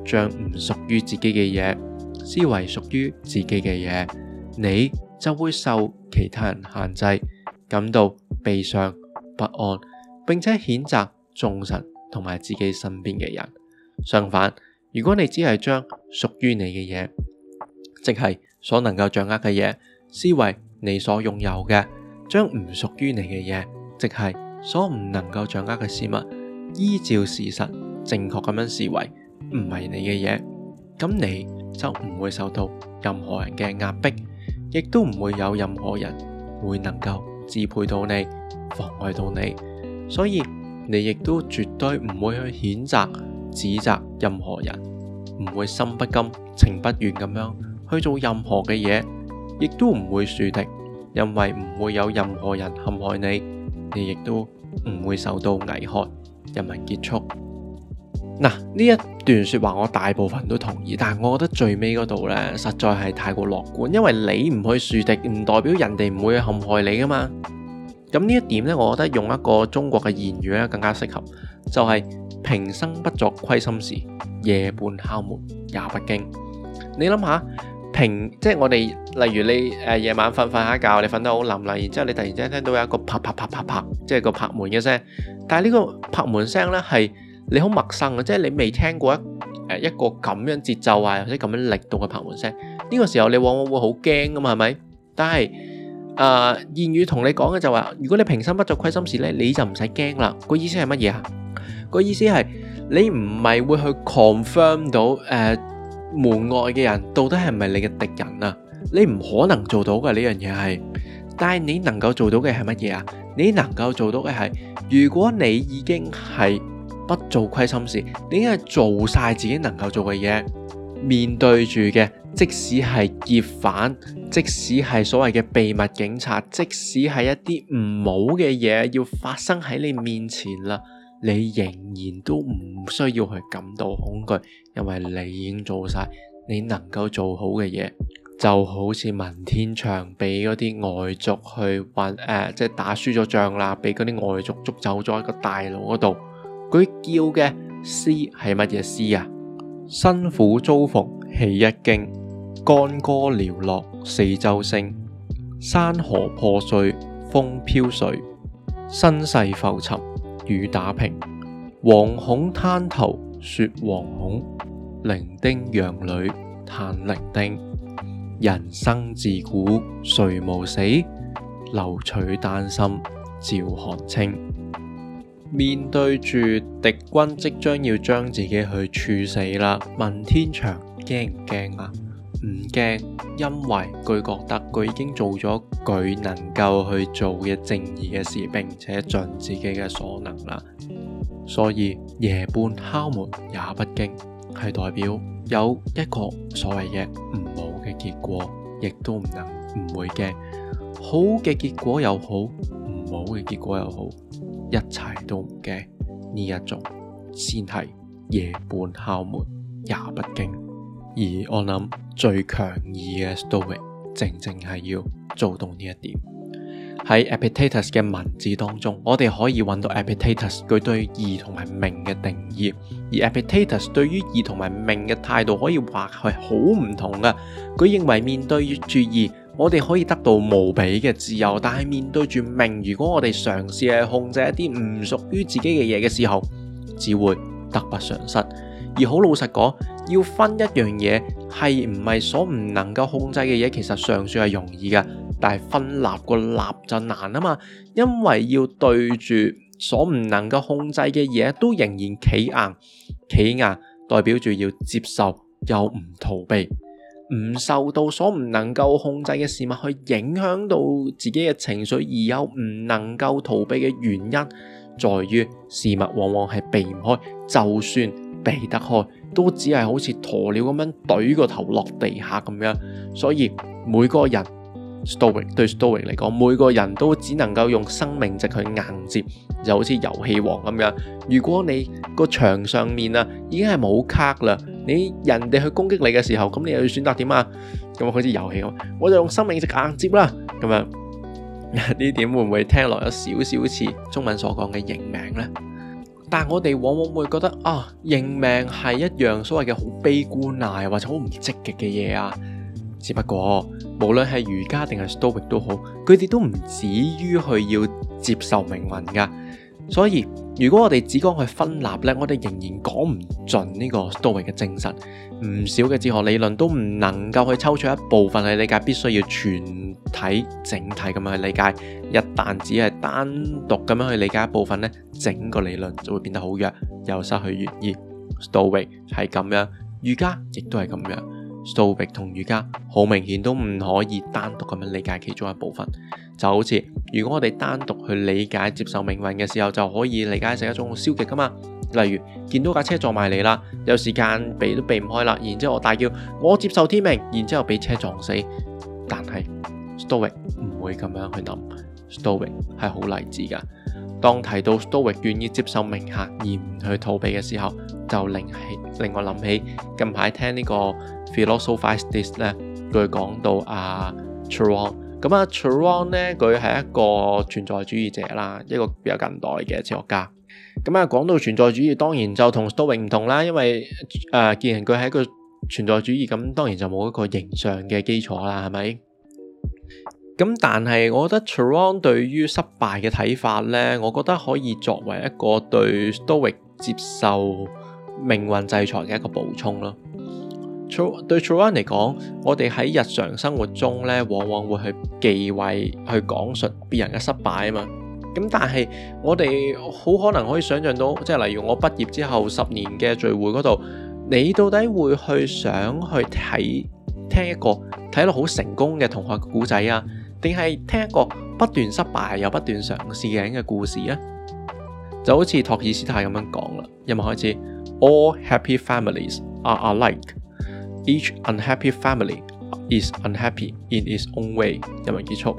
將唔屬於自己嘅嘢，視為屬於自己嘅嘢，你就會受其他人限制，感到悲傷不安，並且譴責眾神。同埋自己身邊嘅人，相反，如果你只係將屬於你嘅嘢，即係所能夠掌握嘅嘢，視為你所擁有嘅，將唔屬於你嘅嘢，即係所唔能夠掌握嘅事物，依照事實正確咁樣視為，唔係你嘅嘢，咁你就唔會受到任何人嘅壓迫，亦都唔會有任何人會能夠支配到你，妨礙到你，所以，你亦都絕對唔會去譴責、指責任何人，唔會心不甘、情不願咁樣去做任何嘅嘢，亦都唔會樹敵，因為唔會有任何人陷害你，你亦都唔會受到危害。引文結束。嗱、啊，呢一段說話我大部分都同意，但係我覺得最尾嗰度呢，實在係太過樂觀，因為你唔去樹敵，唔代表人哋唔會去陷害你噶嘛。咁呢一點呢，我覺得用一個中國嘅言語咧更加適合，就係平生不作虧心事，夜半敲門也不驚。你諗下，平即係我哋，例如你誒夜晚瞓瞓下覺，你瞓得好冧啦，然之後你突然之間聽到有一個啪啪啪啪啪，即係個拍門嘅聲。但係呢個拍門聲呢係你好陌生嘅，即係你未聽過一誒一個咁樣節奏啊或者咁樣力度嘅拍門聲。呢個時候你往往會好驚噶嘛，係咪？但係。誒，uh, 言語同你講嘅就話、是，如果你平生不做虧心事咧，你就唔使驚啦。個意思係乜嘢啊？個意思係你唔係會去 confirm 到誒門外嘅人到底係唔係你嘅敵人啊？你唔可能做到嘅呢樣嘢係，但係你能夠做到嘅係乜嘢啊？你能夠做到嘅係，如果你已經係不做虧心事，你係、那個那個呃啊、做晒自己能夠做嘅嘢，面對住嘅。即使係劫犯，即使係所謂嘅秘密警察，即使係一啲唔好嘅嘢要發生喺你面前啦，你仍然都唔需要去感到恐懼，因為你已經做晒你能夠做好嘅嘢。就好似文天祥俾嗰啲外族去混誒、呃，即係打輸咗仗啦，俾嗰啲外族捉走咗喺一個大牢嗰度，佢叫嘅詩係乜嘢詩啊？辛苦遭逢。起一驚，干戈寥落四周星，山河破碎風飄絮，身世浮沉雨打萍，惶恐灘頭說惶恐，零丁洋裏嘆零丁。人生自古誰無死？留取丹心照汗青。面對住敵軍，即將要將自己去處死啦，文天祥。驚唔驚啊？唔驚，因為佢覺得佢已經做咗佢能夠去做嘅正義嘅事，並且盡自己嘅所能啦、啊。所以夜半敲門也不驚，係代表有一個所謂嘅唔好嘅結果，亦都唔能唔會驚。好嘅結果又好，唔好嘅結果又好，一切都唔驚。呢一種先係夜半敲門也不驚。而我諗最強義嘅 story，正正係要做到呢一點。喺 Epictetus 嘅文字當中，我哋可以揾到 Epictetus 佢對義同埋命嘅定義。而 Epictetus 對於義同埋命嘅態度，可以話係好唔同㗎。佢認為面對住義，我哋可以得到無比嘅自由；但係面對住命，如果我哋嘗試係控制一啲唔屬於自己嘅嘢嘅時候，只會得不償失。而好老實講，要分一樣嘢係唔係所唔能夠控制嘅嘢，其實尚算係容易㗎。但係分立個立就難啊嘛，因為要對住所唔能夠控制嘅嘢，都仍然企硬，企硬代表住要接受又唔逃避，唔受到所唔能夠控制嘅事物去影響到自己嘅情緒，而又唔能夠逃避嘅原因，在於事物往往係避唔開，就算。避得開都只係好似鴕鳥咁樣懟個頭落地下咁樣，所以每個人 Stoic 對 Stoic 嚟講，每個人都只能夠用生命值去硬接，就好似遊戲王咁樣。如果你個場上面啊已經係冇卡啦，你人哋去攻擊你嘅時候，咁你又要選擇點啊？咁好似遊戲咁，我就用生命值硬接啦。咁樣呢點會唔會聽落有少少似中文所講嘅認命呢？但我哋往往會覺得啊，認命係一樣所謂嘅好悲觀啊，或者好唔積極嘅嘢啊。只不過無論係儒家定係 Stoic 都好，佢哋都唔止於去要接受命運噶。所以，如果我哋只講去分立呢，我哋仍然講唔盡呢個 Stoic 嘅精神。唔少嘅哲學理論都唔能夠去抽出一部分去理解，必須要全體整體咁樣去理解。一旦只係單獨咁樣去理解一部分呢，整個理論就會變得好弱，又失去原意。Stoic 係咁樣，儒家亦都係咁樣。s t o Stoic 同儒家好明顯都唔可以單獨咁樣理解其中一部分，就好似如果我哋單獨去理解接受命運嘅時候，就可以理解成一種消極噶嘛。例如見到架車撞埋嚟啦，有時間避都避唔開啦，然之後我大叫我接受天命，然之後俾車撞死。但係 Stoic 唔會咁樣去諗，Stoic 係好勵志噶。當提到 s t o Stoic 願意接受命客而唔去逃避嘅時候，就令起令我諗起近排聽呢、這個。Philosophize this 咧，佢講到阿 Cioran 咁啊 Cioran 咧佢係一個存在主義者啦，一個比較近代嘅哲學家。咁啊，講到存在主義，當然就同 Stoic 唔同啦，因為誒既然佢係一個存在主義，咁當然就冇一個形象嘅基礎啦，係咪？咁但係我覺得 Cioran 對於失敗嘅睇法咧，我覺得可以作為一個對 Stoic 接受命運制裁嘅一個補充咯。對 Cioran 嚟講，我哋喺日常生活中咧，往往會去忌諱去講述別人嘅失敗啊嘛。咁但係我哋好可能可以想象到，即係例如我畢業之後十年嘅聚會嗰度，你到底會去想去睇聽一個睇落好成功嘅同學嘅故仔啊，定係聽一個不斷失敗又不斷嘗試嘅人嘅故事咧，啊？就好似托爾斯泰咁樣講啦，一咪開始，All happy families are alike。Each unhappy family is unhappy in its own way。就咁結束。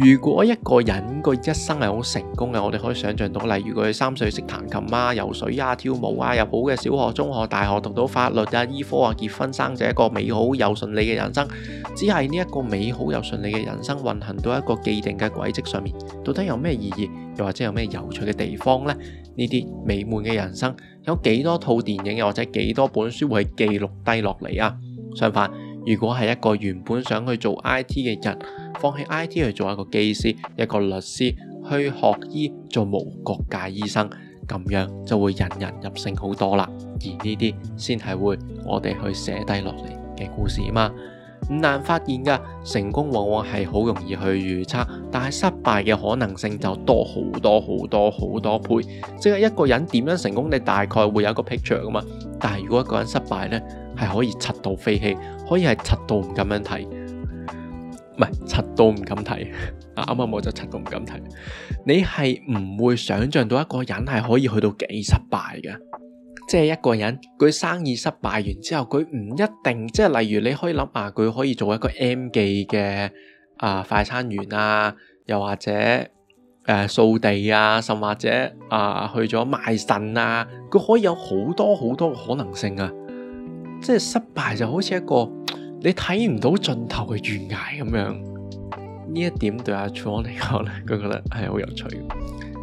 如果一個人個一生係好成功嘅，我哋可以想象到，例如佢三歲識彈琴啊、游水啊、跳舞啊，入好嘅小學、中學、大學讀到法律啊、醫科啊，結婚生仔，一個美好又順利嘅人生。只係呢一個美好又順利嘅人生運行到一個既定嘅軌跡上面，到底有咩意義？又或者有咩有趣嘅地方呢？呢啲美滿嘅人生。有幾多套電影又或者幾多本書會記錄低落嚟啊？相反，如果係一個原本想去做 IT 嘅人，放棄 IT 去做一個技師、一個律師，去學醫做無國界醫生，咁樣就會引人入勝好多啦。而呢啲先係會我哋去寫低落嚟嘅故事啊嘛。唔難發現噶，成功往往係好容易去預測，但係失敗嘅可能性就多好多好多好多倍。即係一個人點樣成功，你大概會有一個 picture 噶嘛。但係如果一個人失敗呢，係可以七到飛起，可以係七到唔敢樣睇，唔係，七到唔敢睇。啱啱，我就七到唔敢睇。你係唔會想象到一個人係可以去到幾失敗嘅。即係一個人，佢生意失敗完之後，佢唔一定，即係例如你可以諗下，佢、啊、可以做一個 M 記嘅啊快餐員啊，又或者誒掃、呃、地啊，甚或者啊、呃、去咗賣腎啊，佢可以有好多好多嘅可能性啊！即係失敗就好似一個你睇唔到盡頭嘅懸崖咁樣，呢一點對阿 Cioran 嚟講咧，佢覺得係好有趣。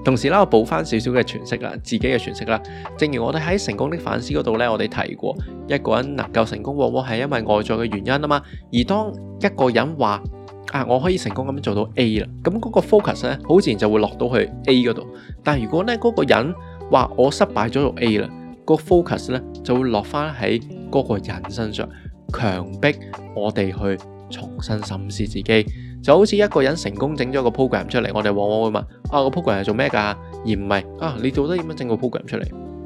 同時咧，我補翻少少嘅詮釋啦，自己嘅詮釋啦。正如我哋喺成功的反思嗰度呢，我哋提過，一個人能夠成功，往往係因為外在嘅原因啊嘛。而當一個人話啊，我可以成功咁做到 A 啦，咁嗰個 focus 呢，好自然就會落到去 A 嗰度。但如果呢嗰、嗰個人話我失敗咗做 A 啦，個 focus 呢就會落翻喺嗰個人身上，強迫我哋去重新審視自己。就好似一個人成功整咗個 program 出嚟，我哋往往會問啊個 program 係做咩噶，而唔係啊你到底點樣整個 program 出嚟？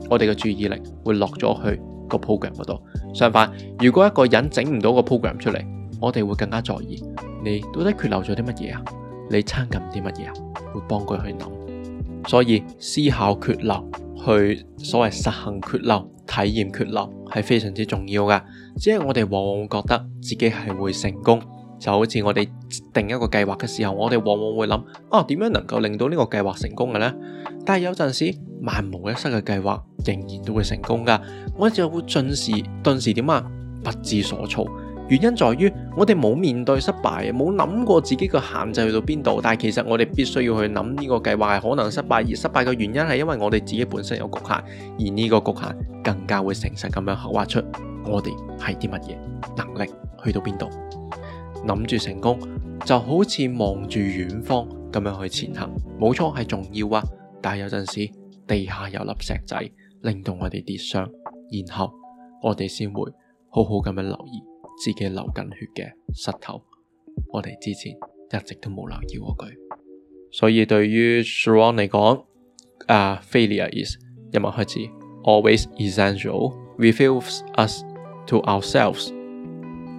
我哋嘅注意力會落咗去個 program 嗰度。相反，如果一個人整唔到個 program 出嚟，我哋會更加在意你到底缺漏咗啲乜嘢啊？你撐緊啲乜嘢啊？會幫佢去諗。所以思考缺漏、去所謂實行缺漏、體驗缺漏係非常之重要噶。只係我哋往往會覺得自己係會成功。就好似我哋定一個計劃嘅時候，我哋往往會諗，啊點樣能夠令到呢個計劃成功嘅咧？但係有陣時萬無一失嘅計劃仍然都會成功㗎，我就會時頓時頓時點啊？不知所措。原因在於我哋冇面對失敗，冇諗過自己嘅限制去到邊度。但係其實我哋必須要去諗呢個計劃係可能失敗，而失敗嘅原因係因為我哋自己本身有局限，而呢個局限更加會誠實咁樣刻畫出我哋係啲乜嘢能力去到邊度。諗住成功就好似望住遠方咁樣去前行，冇錯係重要啊！但係有陣時地下有粒石仔令到我哋跌傷，然後我哋先會好好咁樣留意自己流緊血嘅膝頭。我哋之前一直都冇留意過佢，所以對於 Cioran 嚟講，啊、uh, Failure is 一文開始 always essential reveals us to ourselves。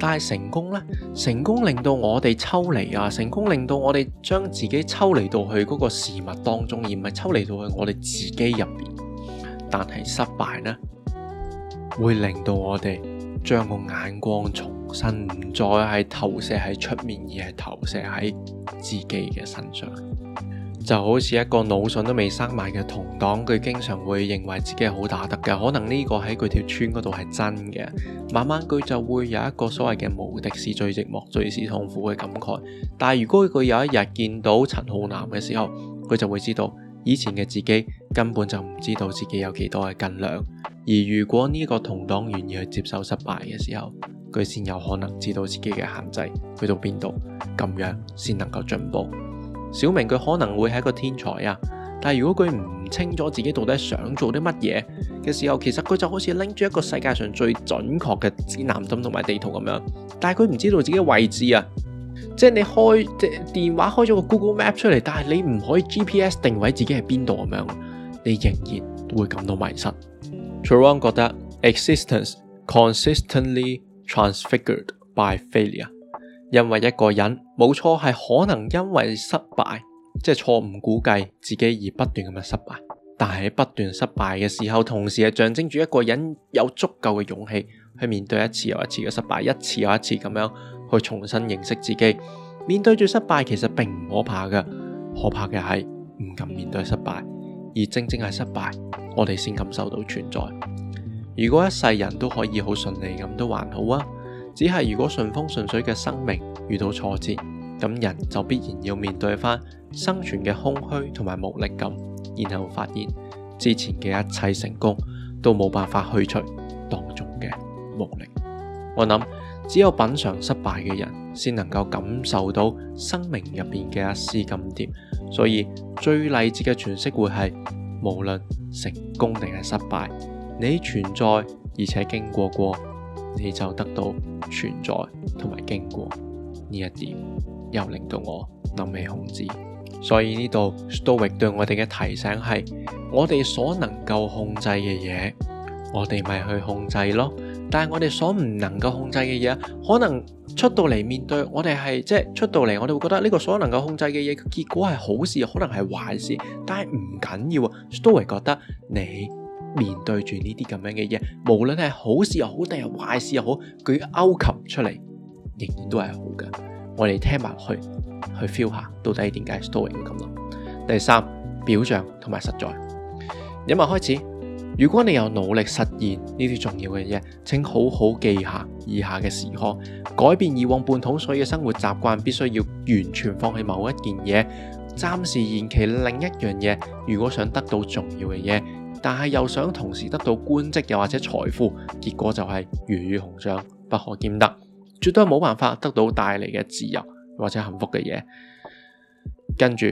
但係成功呢，成功令到我哋抽離啊！成功令到我哋將自己抽離到去嗰個事物當中，而唔係抽離到去我哋自己入面。但係失敗呢，會令到我哋將個眼光重新唔再係投射喺出面，而係投射喺自己嘅身上。就好似一個腦囟都未生埋嘅同黨，佢經常會認為自己係好打得嘅，可能呢個喺佢條村嗰度係真嘅。慢慢佢就會有一個所謂嘅無敵是最寂寞、最是痛苦嘅感慨。但係如果佢有一日見到陳浩南嘅時候，佢就會知道以前嘅自己根本就唔知道自己有幾多嘅斤兩。而如果呢個同黨願意去接受失敗嘅時候，佢先有可能知道自己嘅限制去到邊度，咁樣先能夠進步。小明佢可能會係一個天才啊，但係如果佢唔清楚自己到底想做啲乜嘢嘅時候，其實佢就好似拎住一個世界上最準確嘅指南針同埋地圖咁樣，但係佢唔知道自己嘅位置啊。即係你開即電話開咗個 Google Map 出嚟，但係你唔可以 GPS 定位自己喺邊度咁樣，你仍然會感到迷失。Cioran 覺得 existence consistently transfigured by failure，因為一個人。冇錯，係可能因為失敗，即係錯誤估計自己而不斷咁樣失敗。但係喺不斷失敗嘅時候，同時係象徵住一個人有足夠嘅勇氣去面對一次又一次嘅失敗，一次又一次咁樣去重新認識自己。面對住失敗，其實並唔可怕㗎，可怕嘅係唔敢面對失敗。而正正係失敗，我哋先感受到存在。如果一世人都可以好順利咁，都還好啊。只係如果順風順水嘅生命遇到挫折，咁人就必然要面對翻生存嘅空虛同埋無力感，然後發現之前嘅一切成功都冇辦法去除當中嘅無力。我諗只有品嘗失敗嘅人，先能夠感受到生命入面嘅一絲甘甜。所以最勵志嘅詮釋會係，無論成功定係失敗，你存在而且經過過。你就得到存在同埋經過呢一點，又令到我諗起控制，所以呢度 Stoic 對我哋嘅提醒係，我哋所能夠控制嘅嘢，我哋咪去控制咯。但係我哋所唔能夠控制嘅嘢，可能出到嚟面對我哋係，即係出到嚟我哋會覺得呢個所能夠控制嘅嘢，佢結果係好事，可能係壞事，但係唔緊要。Stoic 覺得你。面對住呢啲咁樣嘅嘢，無論係好事又好定係壞事又好，佢勾及出嚟，仍然都係好㗎。我哋聽埋落去，去 feel 下到底點解係 story 咁咯。第三，表象同埋實在。一問開始，如果你有努力實現呢啲重要嘅嘢，請好好記下以下嘅時刻：改變以往半桶水嘅生活習慣，必須要完全放棄某一件嘢，暫時延期另一樣嘢。如果想得到重要嘅嘢。但係又想同時得到官職又或者財富，結果就係魚與熊掌不可兼得，絕對冇辦法得到帶嚟嘅自由或者幸福嘅嘢。跟住，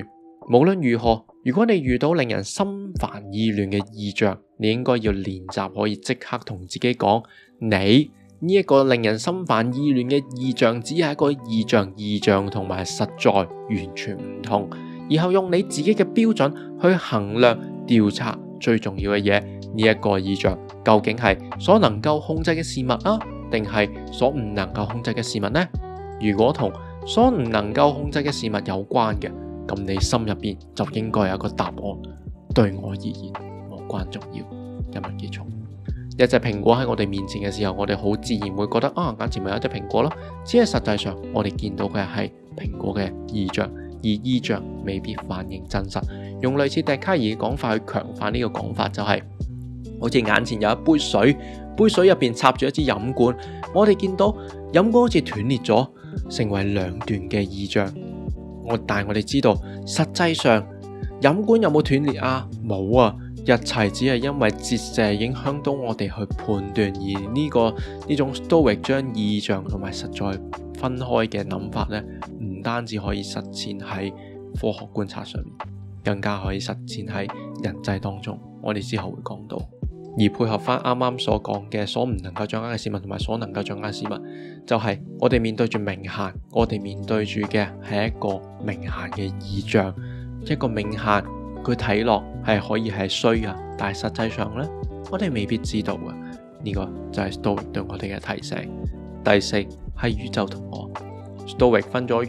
無論如何，如果你遇到令人心煩意亂嘅意象，你應該要練習可以即刻同自己講：你呢一個令人心煩意亂嘅意象，只係一個意象，意象同埋實在完全唔同。然後用你自己嘅標準去衡量調查。最重要嘅嘢，呢、這、一個意象究竟係所能夠控制嘅事物啊，定係所唔能夠控制嘅事物呢？如果同所唔能夠控制嘅事物有關嘅，咁你心入邊就應該有一個答案。對我而言，無關重要。引文結束。一隻蘋果喺我哋面前嘅時候，我哋好自然會覺得啊，眼前咪有一隻蘋果咯。只係實際上，我哋見到嘅係蘋果嘅意象。而意象未必反映真實，用類似笛卡爾嘅講法去強化呢個講法，就是，就係好似眼前有一杯水，杯水入邊插住一支飲管，我哋見到飲管好似斷裂咗，成為兩段嘅意象。但我，但係我哋知道，實際上飲管有冇斷裂啊？冇啊！一切只係因為折射影響到我哋去判斷，而呢、這個呢種 stoic 將意象同埋實在分開嘅諗法呢。唔單止可以實踐喺科學觀察上面，更加可以實踐喺人際當中。我哋之後會講到，而配合翻啱啱所講嘅，所唔能夠掌握嘅事物同埋所能夠掌握嘅事物，就係、是，我哋面對住命限，我哋面對住嘅係一個命限嘅意象，一個命限佢睇落係可以係衰啊，但係實際上呢，我哋未必知道啊。呢、這個就係 Stoic 對我哋嘅提醒。第四係宇宙同我，Stoic 分咗。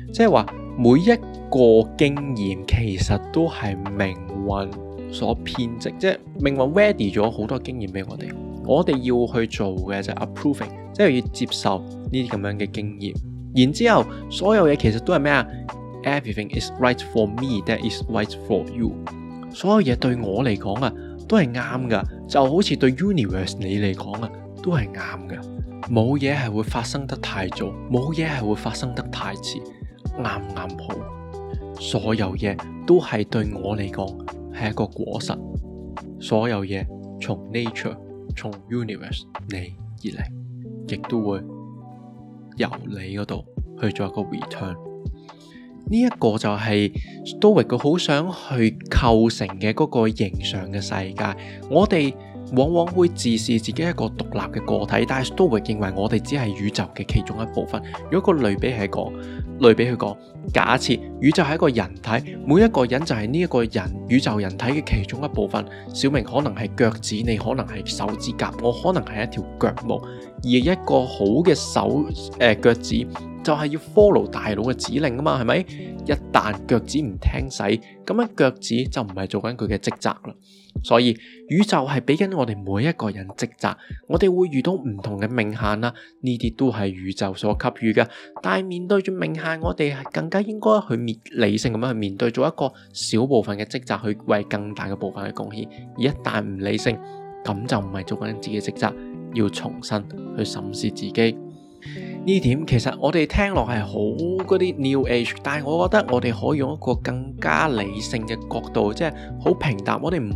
即係話每一個經驗其實都係命運所編織，即係命運 ready 咗好多經驗俾我哋，我哋要去做嘅就係 approving，即係要接受呢啲咁樣嘅經驗。然之後所有嘢其實都係咩啊？Everything is right for me, that is right for you。所有嘢對我嚟講啊，都係啱噶，就好似對 universe 你嚟講啊，都係啱噶。冇嘢係會發生得太早，冇嘢係會發生得太遲。啱啱好？所有嘢都係對我嚟講係一個果實，所有嘢從 nature、從 universe 你而嚟，亦都會由你嗰度去做一個 return。呢、這、一個就係 Stoic 佢好想去構成嘅嗰個形上嘅世界，我哋。往往會自視自己一個獨立嘅個體，但係都會認為我哋只係宇宙嘅其中一部分。如果個類比係一個類比去，佢講假設宇宙係一個人體，每一個人就係呢一個人宇宙人體嘅其中一部分。小明可能係腳趾，你可能係手指甲，我可能係一條腳毛。而一個好嘅手誒腳、呃、趾就係、是、要 follow 大腦嘅指令啊嘛，係咪？一旦腳趾唔聽使，咁樣腳趾就唔係做緊佢嘅職責啦。所以宇宙係俾緊我哋每一個人職責，我哋會遇到唔同嘅命限啦，呢啲都係宇宙所給予嘅。但係面對住命限，我哋係更加應該去面理性咁樣去面對，做一個小部分嘅職責去為更大嘅部分去貢獻。而一旦唔理性，咁就唔係做緊自己嘅職責，要重新去審視自己。呢點其實我哋聽落係好嗰啲 New Age，但係我覺得我哋可以用一個更加理性嘅角度，即係好平淡。我哋唔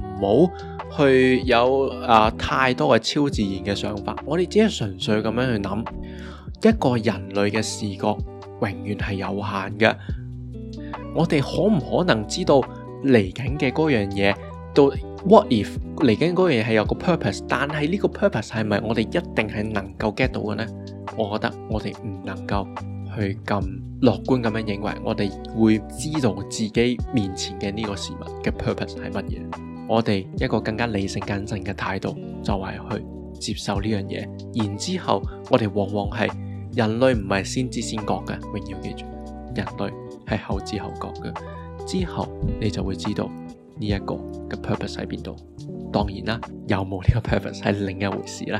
好去有啊太多嘅超自然嘅想法。我哋只係純粹咁樣去諗一個人類嘅視角視覺，永遠係有限嘅。我哋可唔可能知道嚟緊嘅嗰樣嘢到 What If 嚟緊嗰樣嘢係有個 purpose？但係呢個 purpose 係咪我哋一定係能夠 get 到嘅呢？我覺得我哋唔能夠去咁樂觀咁樣認為，我哋會知道自己面前嘅呢個事物嘅 purpose 係乜嘢。我哋一個更加理性謹慎嘅態度，就係去接受呢樣嘢。然之後，我哋往往係人類唔係先知先覺嘅，永遠記住，人類係後知後覺嘅。之後你就會知道呢一個嘅 purpose 喺邊度。當然啦，有冇呢個 purpose 係另一回事啦。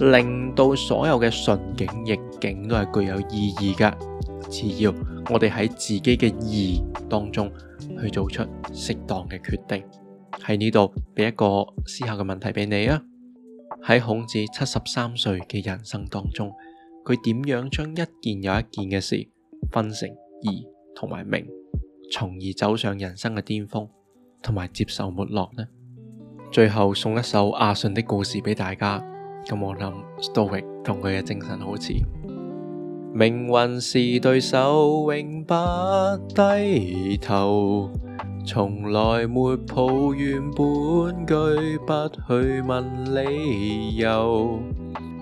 令到所有嘅順境逆境都係具有意義噶，只要我哋喺自己嘅義當中去做出適當嘅決定。喺呢度俾一個思考嘅問題俾你啊！喺孔子七十三歲嘅人生當中，佢點樣將一件又一件嘅事分成義同埋命，從而走上人生嘅巔峰同埋接受沒落呢？最後送一首阿信的故事俾大家。咁、嗯、我諗，Stoic 同佢嘅精神好似。命運是對手，永不低頭，從來沒抱怨，半句不去問理由，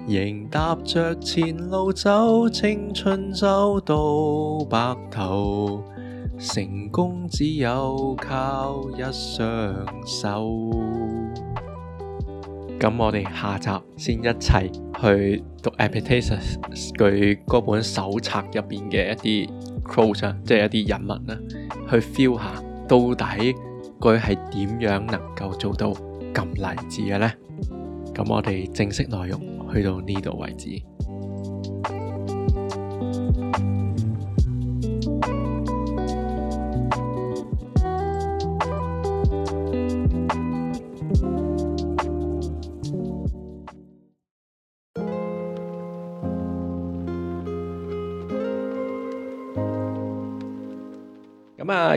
仍踏着前路走，青春走到白頭，成功只有靠一雙手。咁我哋下集先一齊去讀 Epictetus，佢嗰本手冊入邊嘅一啲 quote，即係一啲引文，啦，去 feel 下到底佢係點樣能夠做到咁勵志嘅咧？咁我哋正式內容去到呢度為止。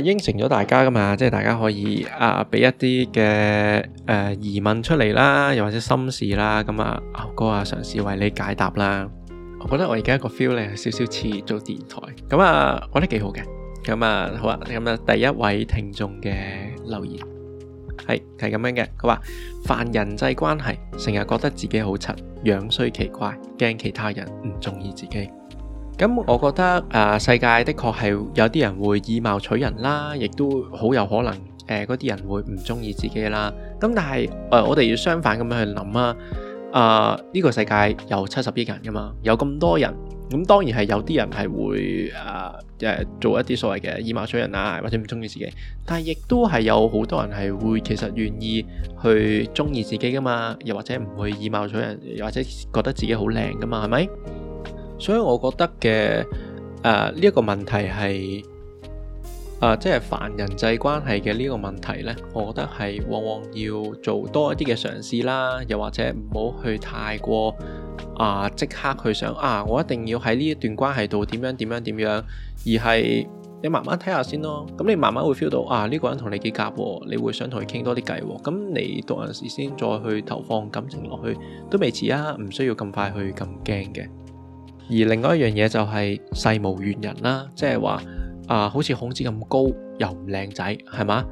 應承咗大家噶嘛，即係大家可以啊，俾一啲嘅誒疑問出嚟啦，又或者心事啦，咁啊牛哥啊嘗試為你解答啦。我覺得我而家個 feel 咧，有少少似做電台，咁啊，我覺得幾好嘅。咁啊，好啊，咁啊第一位聽眾嘅留言係係咁樣嘅，佢話：犯人際關係，成日覺得自己好柒，樣衰奇怪，驚其他人唔中意自己。咁，我覺得誒，世界的確係有啲人會以貌取人啦，亦都好有可能誒，嗰啲人會唔中意自己啦。咁但係誒，我哋要相反咁樣去諗啊！啊，呢個世界有七十億人㗎嘛，有咁多人，咁當然係有啲人係會啊誒，做一啲所謂嘅以貌取人啊，或者唔中意自己。但係亦都係有好多人係會其實願意去中意自己㗎嘛，又或者唔會以貌取人，又或者覺得自己好靚㗎嘛，係咪？所以，我覺得嘅誒呢一個問題係誒、呃，即係凡人際關係嘅呢個問題呢，我覺得係往往要做多一啲嘅嘗試啦，又或者唔好去太過啊即、呃、刻去想啊，我一定要喺呢一段關係度點樣點樣點樣，而係你慢慢睇下先咯。咁你慢慢會 feel 到啊，呢、這個人同你幾夾喎，你會想同佢傾多啲偈喎。咁你到陣時先再去投放感情落去都未遲啊，唔需要咁快去咁驚嘅。而另外一樣嘢就係世無完人啦，即係話啊，好似孔子咁高又唔靚仔，係嘛？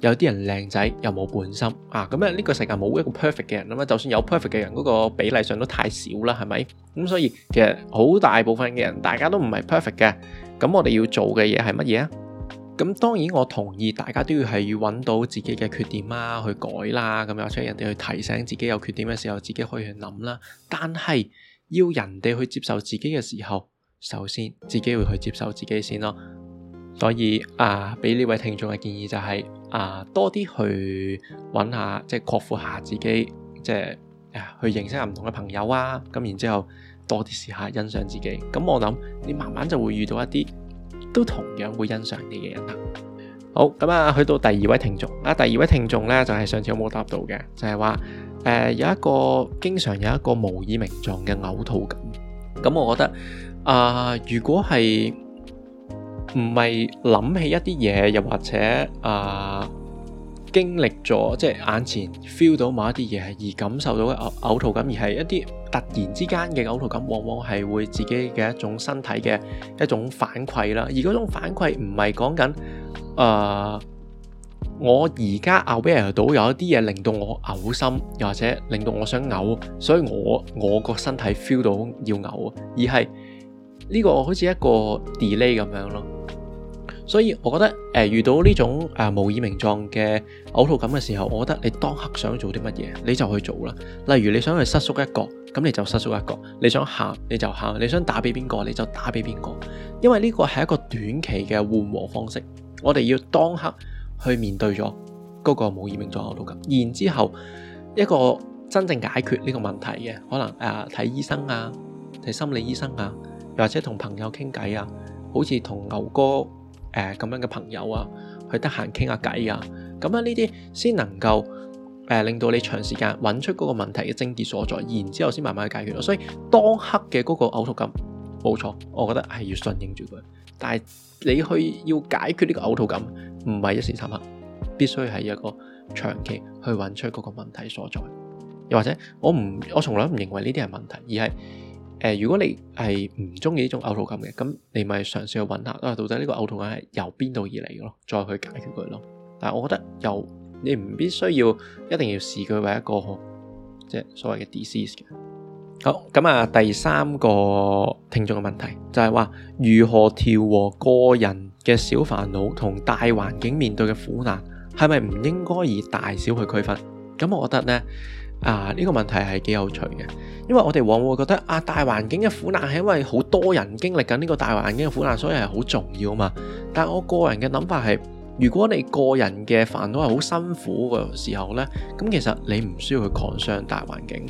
有啲人靚仔又冇本心啊！咁樣呢個世界冇一個 perfect 嘅人啊嘛，就算有 perfect 嘅人，嗰個比例上都太少啦，係咪？咁所以其實好大部分嘅人大家都唔係 perfect 嘅，咁我哋要做嘅嘢係乜嘢啊？咁當然我同意，大家都要係要揾到自己嘅缺點啊，去改啦，咁或者人哋去提醒自己有缺點嘅時候，自己可以去諗啦。但係，要人哋去接受自己嘅時候，首先自己會去接受自己先咯。所以啊，俾呢位聽眾嘅建議就係啊，多啲去揾下，即係擴闊下自己，即係啊去認識下唔同嘅朋友啊。咁然之後多啲試下欣賞自己。咁我諗你慢慢就會遇到一啲都同樣會欣賞你嘅人啦。好，咁啊去到第二位聽眾啊，第二位聽眾呢，就係上次我冇答到嘅，就係話。誒、呃、有一個經常有一個無以名狀嘅嘔吐感。咁我覺得啊、呃，如果係唔係諗起一啲嘢，又或者啊、呃、經歷咗即係眼前 feel 到某一啲嘢而感受到嘅嘔嘔吐感，而係一啲突然之間嘅嘔吐感，往往係會自己嘅一種身體嘅一種反饋啦，而嗰種反饋唔係講緊誒。呃我而家 aware 到有一啲嘢令到我嘔心，又或者令到我想嘔，所以我我個身體 feel 到要嘔，而係呢、這個好似一個 delay 咁樣咯。所以我覺得誒、呃，遇到呢種誒、呃、無以名狀嘅嘔吐感嘅時候，我覺得你當刻想做啲乜嘢你就去做啦。例如你想去失縮一個，咁你就失縮一個；你想喊你就喊；你想打俾邊個，你就打俾邊個。因為呢個係一個短期嘅緩和方式。我哋要當刻。去面對咗嗰個冇耳鳴咗嘔、呃、吐感，然之後一個真正解決呢個問題嘅，可能誒睇、呃、醫生啊，睇心理醫生啊，又或者同朋友傾偈啊，好似同牛哥誒咁、呃、樣嘅朋友啊，去得閒傾下偈啊，咁樣呢啲先能夠誒、呃、令到你長時間揾出嗰個問題嘅症結所在，然之後先慢慢去解決咯。所以當刻嘅嗰個嘔、呃、吐感，冇錯，我覺得係要順應住佢，但係你去要解決呢個嘔、呃、吐感。唔係一時三刻，必須係一個長期去揾出嗰個問題所在，又或者我唔，我從來唔認為呢啲係問題，而係誒、呃，如果你係唔中意呢種嘔吐感嘅，咁你咪嘗試去揾下啊，到底呢個嘔吐感係由邊度而嚟嘅咯，再去解決佢咯。但係我覺得又你唔必須要一定要視佢為一個即所謂嘅 disease 嘅。好咁啊，第三個聽眾嘅問題就係話，如何調和個人嘅小煩惱同大環境面對嘅苦難，係咪唔應該以大小去區分？咁我覺得呢，啊呢個問題係幾有趣嘅，因為我哋往往會覺得啊，大環境嘅苦難係因為好多人經歷緊呢個大環境嘅苦難，所以係好重要啊嘛。但我個人嘅諗法係，如果你個人嘅煩惱係好辛苦嘅時候呢，咁其實你唔需要去 concern 大環境。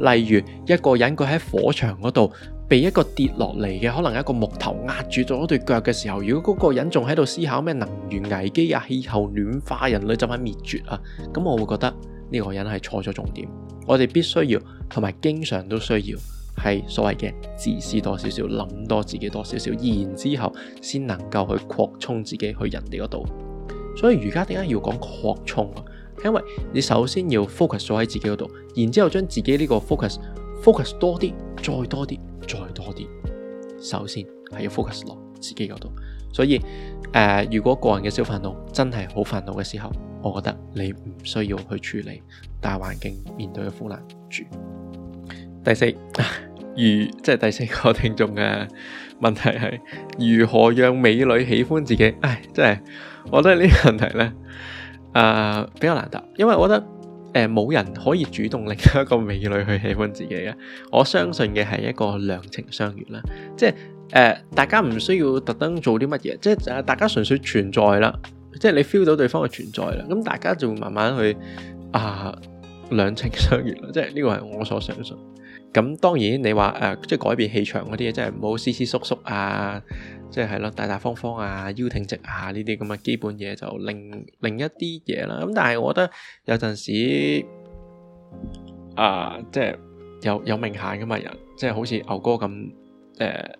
例如一個人佢喺火場嗰度，被一個跌落嚟嘅，可能一個木頭壓住咗對腳嘅時候，如果嗰個人仲喺度思考咩能源危機啊、氣候暖化、人類就快滅絕啊，咁我會覺得呢個人係錯咗重點。我哋必須要同埋經常都需要係所謂嘅，自私多少少，諗多自己多少少，然之後先能夠去擴充自己去人哋嗰度。所以而家點解要講擴充啊？因為你首先要 focus 咗喺自己嗰度，然之後將自己呢個 focus focus 多啲，再多啲，再多啲。首先係要 focus 落自己嗰度。所以誒、呃，如果個人嘅小煩惱真係好煩惱嘅時候，我覺得你唔需要去處理大環境面對嘅苦難住。住第四，啊、如即係第四個聽眾嘅問題係如何讓美女喜歡自己？唉、哎，真係我覺得呢個問題呢。誒，uh, 比較難答，因為我覺得誒，冇、呃、人可以主動令一個美女去喜歡自己嘅。我相信嘅係一個兩情相悦啦，即係誒、呃，大家唔需要特登做啲乜嘢，即係大家純粹存在啦，即係你 feel 到對方嘅存在啦，咁大家就會慢慢去啊，兩、呃、情相悦，即係呢個係我所相信。咁當然你話誒，即、呃、係、就是、改變氣場嗰啲嘢，真係唔好斯斯縮縮啊，即係係咯，大大方方啊，腰挺直啊，呢啲咁嘅基本嘢就另另一啲嘢啦。咁但係我覺得有陣時啊，即、呃、係、就是、有有名下噶嘛，又即係好似牛哥咁誒、呃，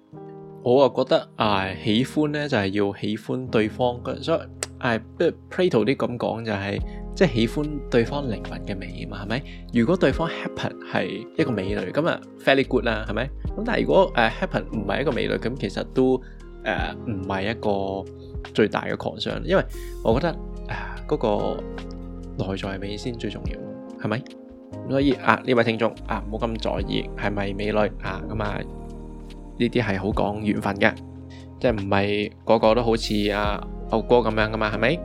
我啊覺得啊、呃，喜歡咧就係、是、要喜歡對方嘅，所以誒，不、呃、係 Plato 啲咁講就係、是。即係喜歡對方靈魂嘅美啊嘛，係咪？如果對方 Happen 係一個美女，咁啊 Very good 啦，係咪？咁但係如果誒 Happen 唔係一個美女，咁其實都誒唔係一個最大嘅 concern，因為我覺得誒嗰個內在美先最重要，係咪？咁所以啊，呢位聽眾啊，唔好咁在意係咪美女啊咁啊，呢啲係好講緣分嘅，即係唔係個個都好似阿歐哥咁樣噶嘛，係咪？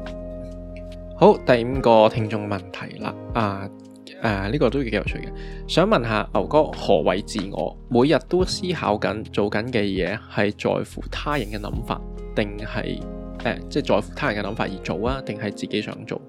好，第五個聽眾問題啦，啊誒，呢、啊這個都幾有趣嘅，想問下牛哥，何為自我？每日都思考緊做緊嘅嘢，係在乎他人嘅諗法，定係誒，即、呃、係、就是、在乎他人嘅諗法而做啊？定係自己想做？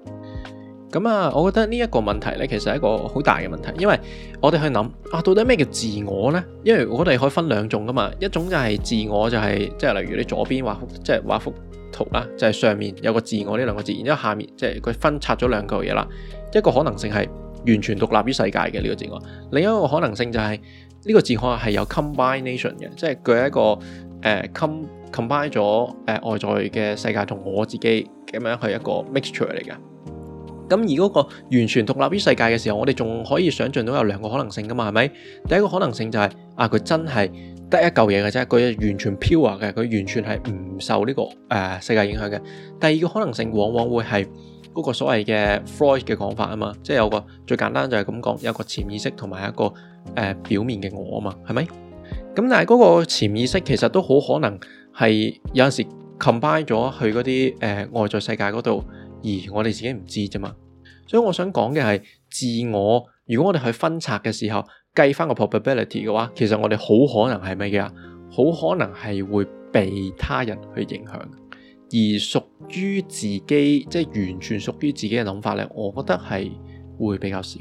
咁啊，我覺得呢一個問題呢，其實係一個好大嘅問題，因為我哋去諗啊，到底咩叫自我呢？因為我哋可以分兩種噶嘛，一種就係自我、就是，就係即係例如你左邊畫幅，即係畫幅。圖啦，就係、是、上面有個自我呢兩個字，然之後下面即係佢分拆咗兩句嘢啦。一個可能性係完全獨立於世界嘅，呢、這個自我，另一個可能性就係、是、呢、這個自我係有 combination 嘅，即係佢係一個誒、呃、com, combine 咗誒、呃、外在嘅世界同我自己咁樣係一個 mixture 嚟嘅。咁而嗰個完全獨立於世界嘅時候，我哋仲可以想象到有兩個可能性噶嘛，係咪？第一個可能性就係、是、啊，佢真係。得一嚿嘢嘅啫，佢完全 pure 嘅，佢完全係唔受呢個誒世界影響嘅。第二個可能性往往會係嗰個所謂嘅 Freud 嘅講法啊嘛，即係有個最簡單就係咁講，有個潛意識同埋一個誒表面嘅我啊嘛，係咪？咁但係嗰個潛意識其實都好可能係有陣時 combine 咗去嗰啲誒外在世界嗰度，而我哋自己唔知啫嘛。所以我想講嘅係自我，如果我哋去分拆嘅時候。計翻個 probability 嘅話，其實我哋好可能係咩嘅？好可能係會被他人去影響，而屬於自己即係完全屬於自己嘅諗法呢，我覺得係會比較少。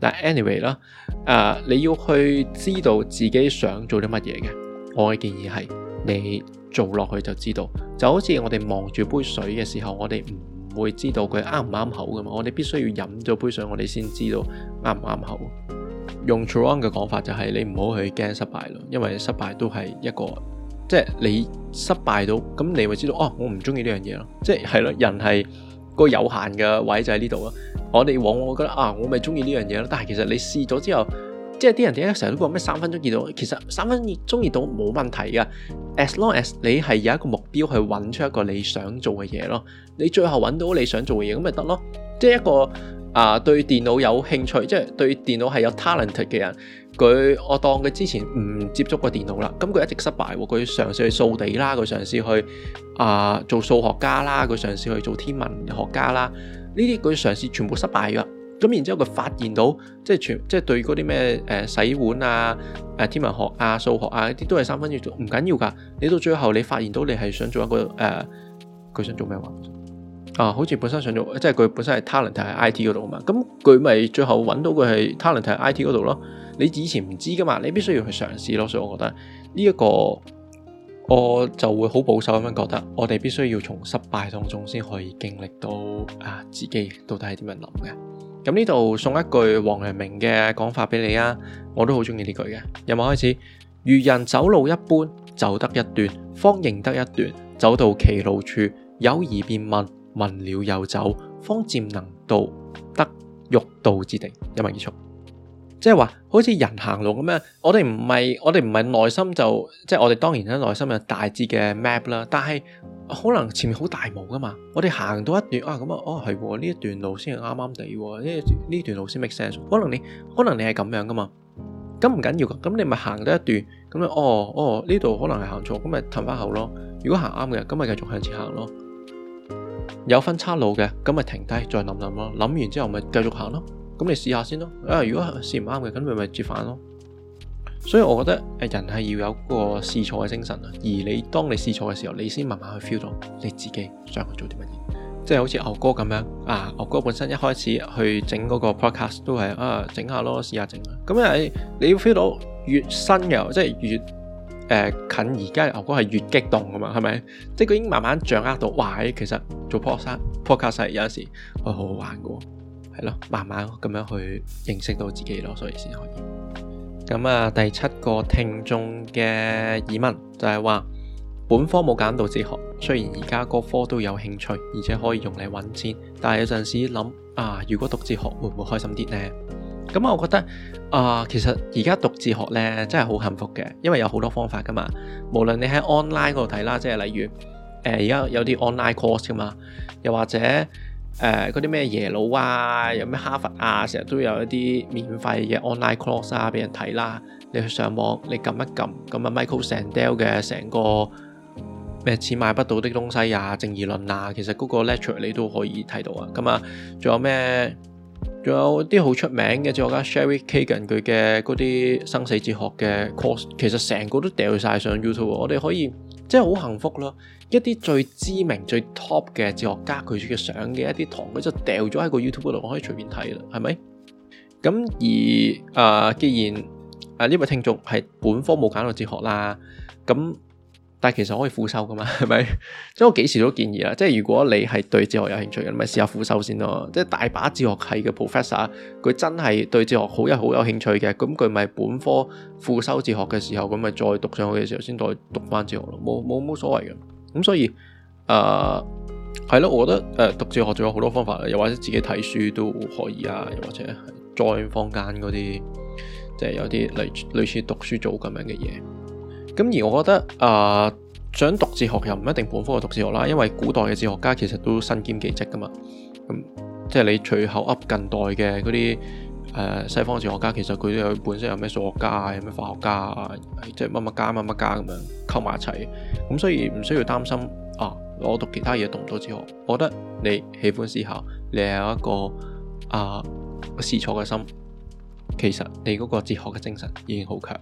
但 anyway 啦、呃，誒你要去知道自己想做啲乜嘢嘅，我嘅建議係你做落去就知道。就好似我哋望住杯水嘅時候，我哋唔會知道佢啱唔啱口咁嘛，我哋必須要飲咗杯水，我哋先知道啱唔啱口。用 Cioran 嘅講法就係你唔好去驚失敗咯，因為失敗都係一個，即係你失敗到咁，你咪知道哦，我唔中意呢樣嘢咯。即係係咯，人係個有限嘅位就喺呢度咯。我哋往往覺得啊，我咪中意呢樣嘢咯，但係其實你試咗之後，即係啲人點解成日都講咩三分鐘見到？其實三分鐘意到冇問題㗎，as long as 你係有一個目標去揾出一個你想做嘅嘢咯。你最後揾到你想做嘅嘢咁咪得咯，即係一個。啊，對電腦有興趣，即係對電腦係有 talent 嘅人。佢我當佢之前唔接觸過電腦啦，咁佢一直失敗喎。佢嘗試去掃地啦，佢嘗試去啊、呃、做數學家啦，佢嘗試去做天文學家啦。呢啲佢嘗試全部失敗咗。咁然之後佢發現到，即係全即係對嗰啲咩誒洗碗啊、誒、呃、天文學啊、數學啊啲都係三分鐘做唔緊要㗎。你到最後你發現到你係想做一個誒，佢、呃、想做咩話、啊？啊，好似本身想做，即係佢本身係 talent 喺 I T 嗰度啊嘛。咁佢咪最後揾到佢係 talent 喺 I T 嗰度咯。你以前唔知噶嘛，你必須要去嘗試咯。所以，我覺得呢、這、一個我就會好保守咁樣覺得，我哋必須要從失敗當中先可以經歷到啊自己到底係點樣諗嘅。咁呢度送一句王陽明嘅講法俾你啊，我都好中意呢句嘅。由我開始，如人走路一般，走得一段，方認得一段，走到歧路處，有疑便問。問了又走，方漸能到，得欲到之地。有文結束，即係話，好似人行路咁樣，我哋唔係，我哋唔係內心就，即係我哋當然啦，內心有大致嘅 map 啦，但係可能前面好大霧噶嘛，我哋行到一段啊，咁啊，哦係，呢一、哦、段路先係啱啱地，呢呢段路先 make sense，可能你可能你係咁樣噶嘛，咁唔緊要噶，咁你咪行到一段，咁啊，哦哦，呢度可能係行錯，咁咪褪翻後咯，如果行啱嘅，咁咪繼續向前行咯。有分岔路嘅，咁咪停低再諗諗咯，諗完之後咪繼續行咯。咁你試下先咯。啊，如果試唔啱嘅，咁咪咪折返咯。所以我覺得誒，人係要有個試錯嘅精神啊。而你當你試錯嘅時候，你先慢慢去 feel 到你自己想去做啲乜嘢。即係好似牛哥咁樣啊，牛哥本身一開始去整嗰個 podcast 都係啊，整下咯，試下整。咁啊，你要 feel 到越新嘅，即係越。誒近而家牛哥係越激動啊嘛，係咪？即係佢已經慢慢掌握到，哇！其實做 Podcast Podcast 有陣時係好好玩嘅，係咯，慢慢咁樣去認識到自己咯，所以先可以。咁啊，第七個聽眾嘅疑問就係話：本科冇揀到哲學，雖然而家個科都有興趣，而且可以用嚟揾錢，但係有陣時諗啊，如果讀哲學會唔會開心啲呢？咁、嗯、我覺得啊、呃，其實而家獨自學呢，真係好幸福嘅，因為有好多方法噶嘛。無論你喺 online 嗰度睇啦，即係例如誒而家有啲 online course 噶嘛，又或者誒嗰啲咩耶魯啊，有咩哈佛啊，成日都有一啲免費嘅 online course 啊，俾人睇啦。你去上網，你撳一撳咁啊，Michael Sandel 嘅成個咩錢買不到的東西啊，正義論啊，其實嗰個 lecture 你都可以睇到啊。咁、嗯、啊，仲有咩？仲有啲好出名嘅哲學家 Sherry Kagan 佢嘅嗰啲生死哲學嘅 course，其實成個都掉曬上 YouTube。我哋可以即係好幸福咯，一啲最知名、最 top 嘅哲學家佢嘅上嘅一啲堂，佢就掉咗喺個 YouTube 度，我可以隨便睇啦，係咪？咁而啊，既然啊呢位聽眾係本科冇揀到哲學啦，咁。但係其實可以輔修噶嘛，係咪？即 係我幾時都建議啦，即係如果你係對哲學有興趣嘅，咪試下輔修先咯。即係大把哲學系嘅 professor，佢真係對哲學好有好有興趣嘅。咁佢咪本科輔修哲學嘅時候，咁咪再讀上去嘅時候，先再讀翻哲學咯。冇冇冇所謂嘅。咁所以啊，係、呃、咯，我覺得誒、呃，讀哲學仲有好多方法，又或者自己睇書都可以啊，又或者再坊間嗰啲，即、就、係、是、有啲類類似讀書組咁樣嘅嘢。咁而我覺得啊、呃，想讀哲學又唔一定本科係讀哲學啦，因為古代嘅哲學家其實都身兼幾職噶嘛，咁、嗯、即係你隨口噏近代嘅嗰啲誒西方哲學家，其實佢都有本身有咩數學家啊，有咩化學家啊，即係乜乜家乜乜家咁樣溝埋一齊，咁、嗯、所以唔需要擔心啊！我讀其他嘢讀唔到哲學，我覺得你喜歡思考，你有一個啊試錯嘅心，其實你嗰個哲學嘅精神已經好強。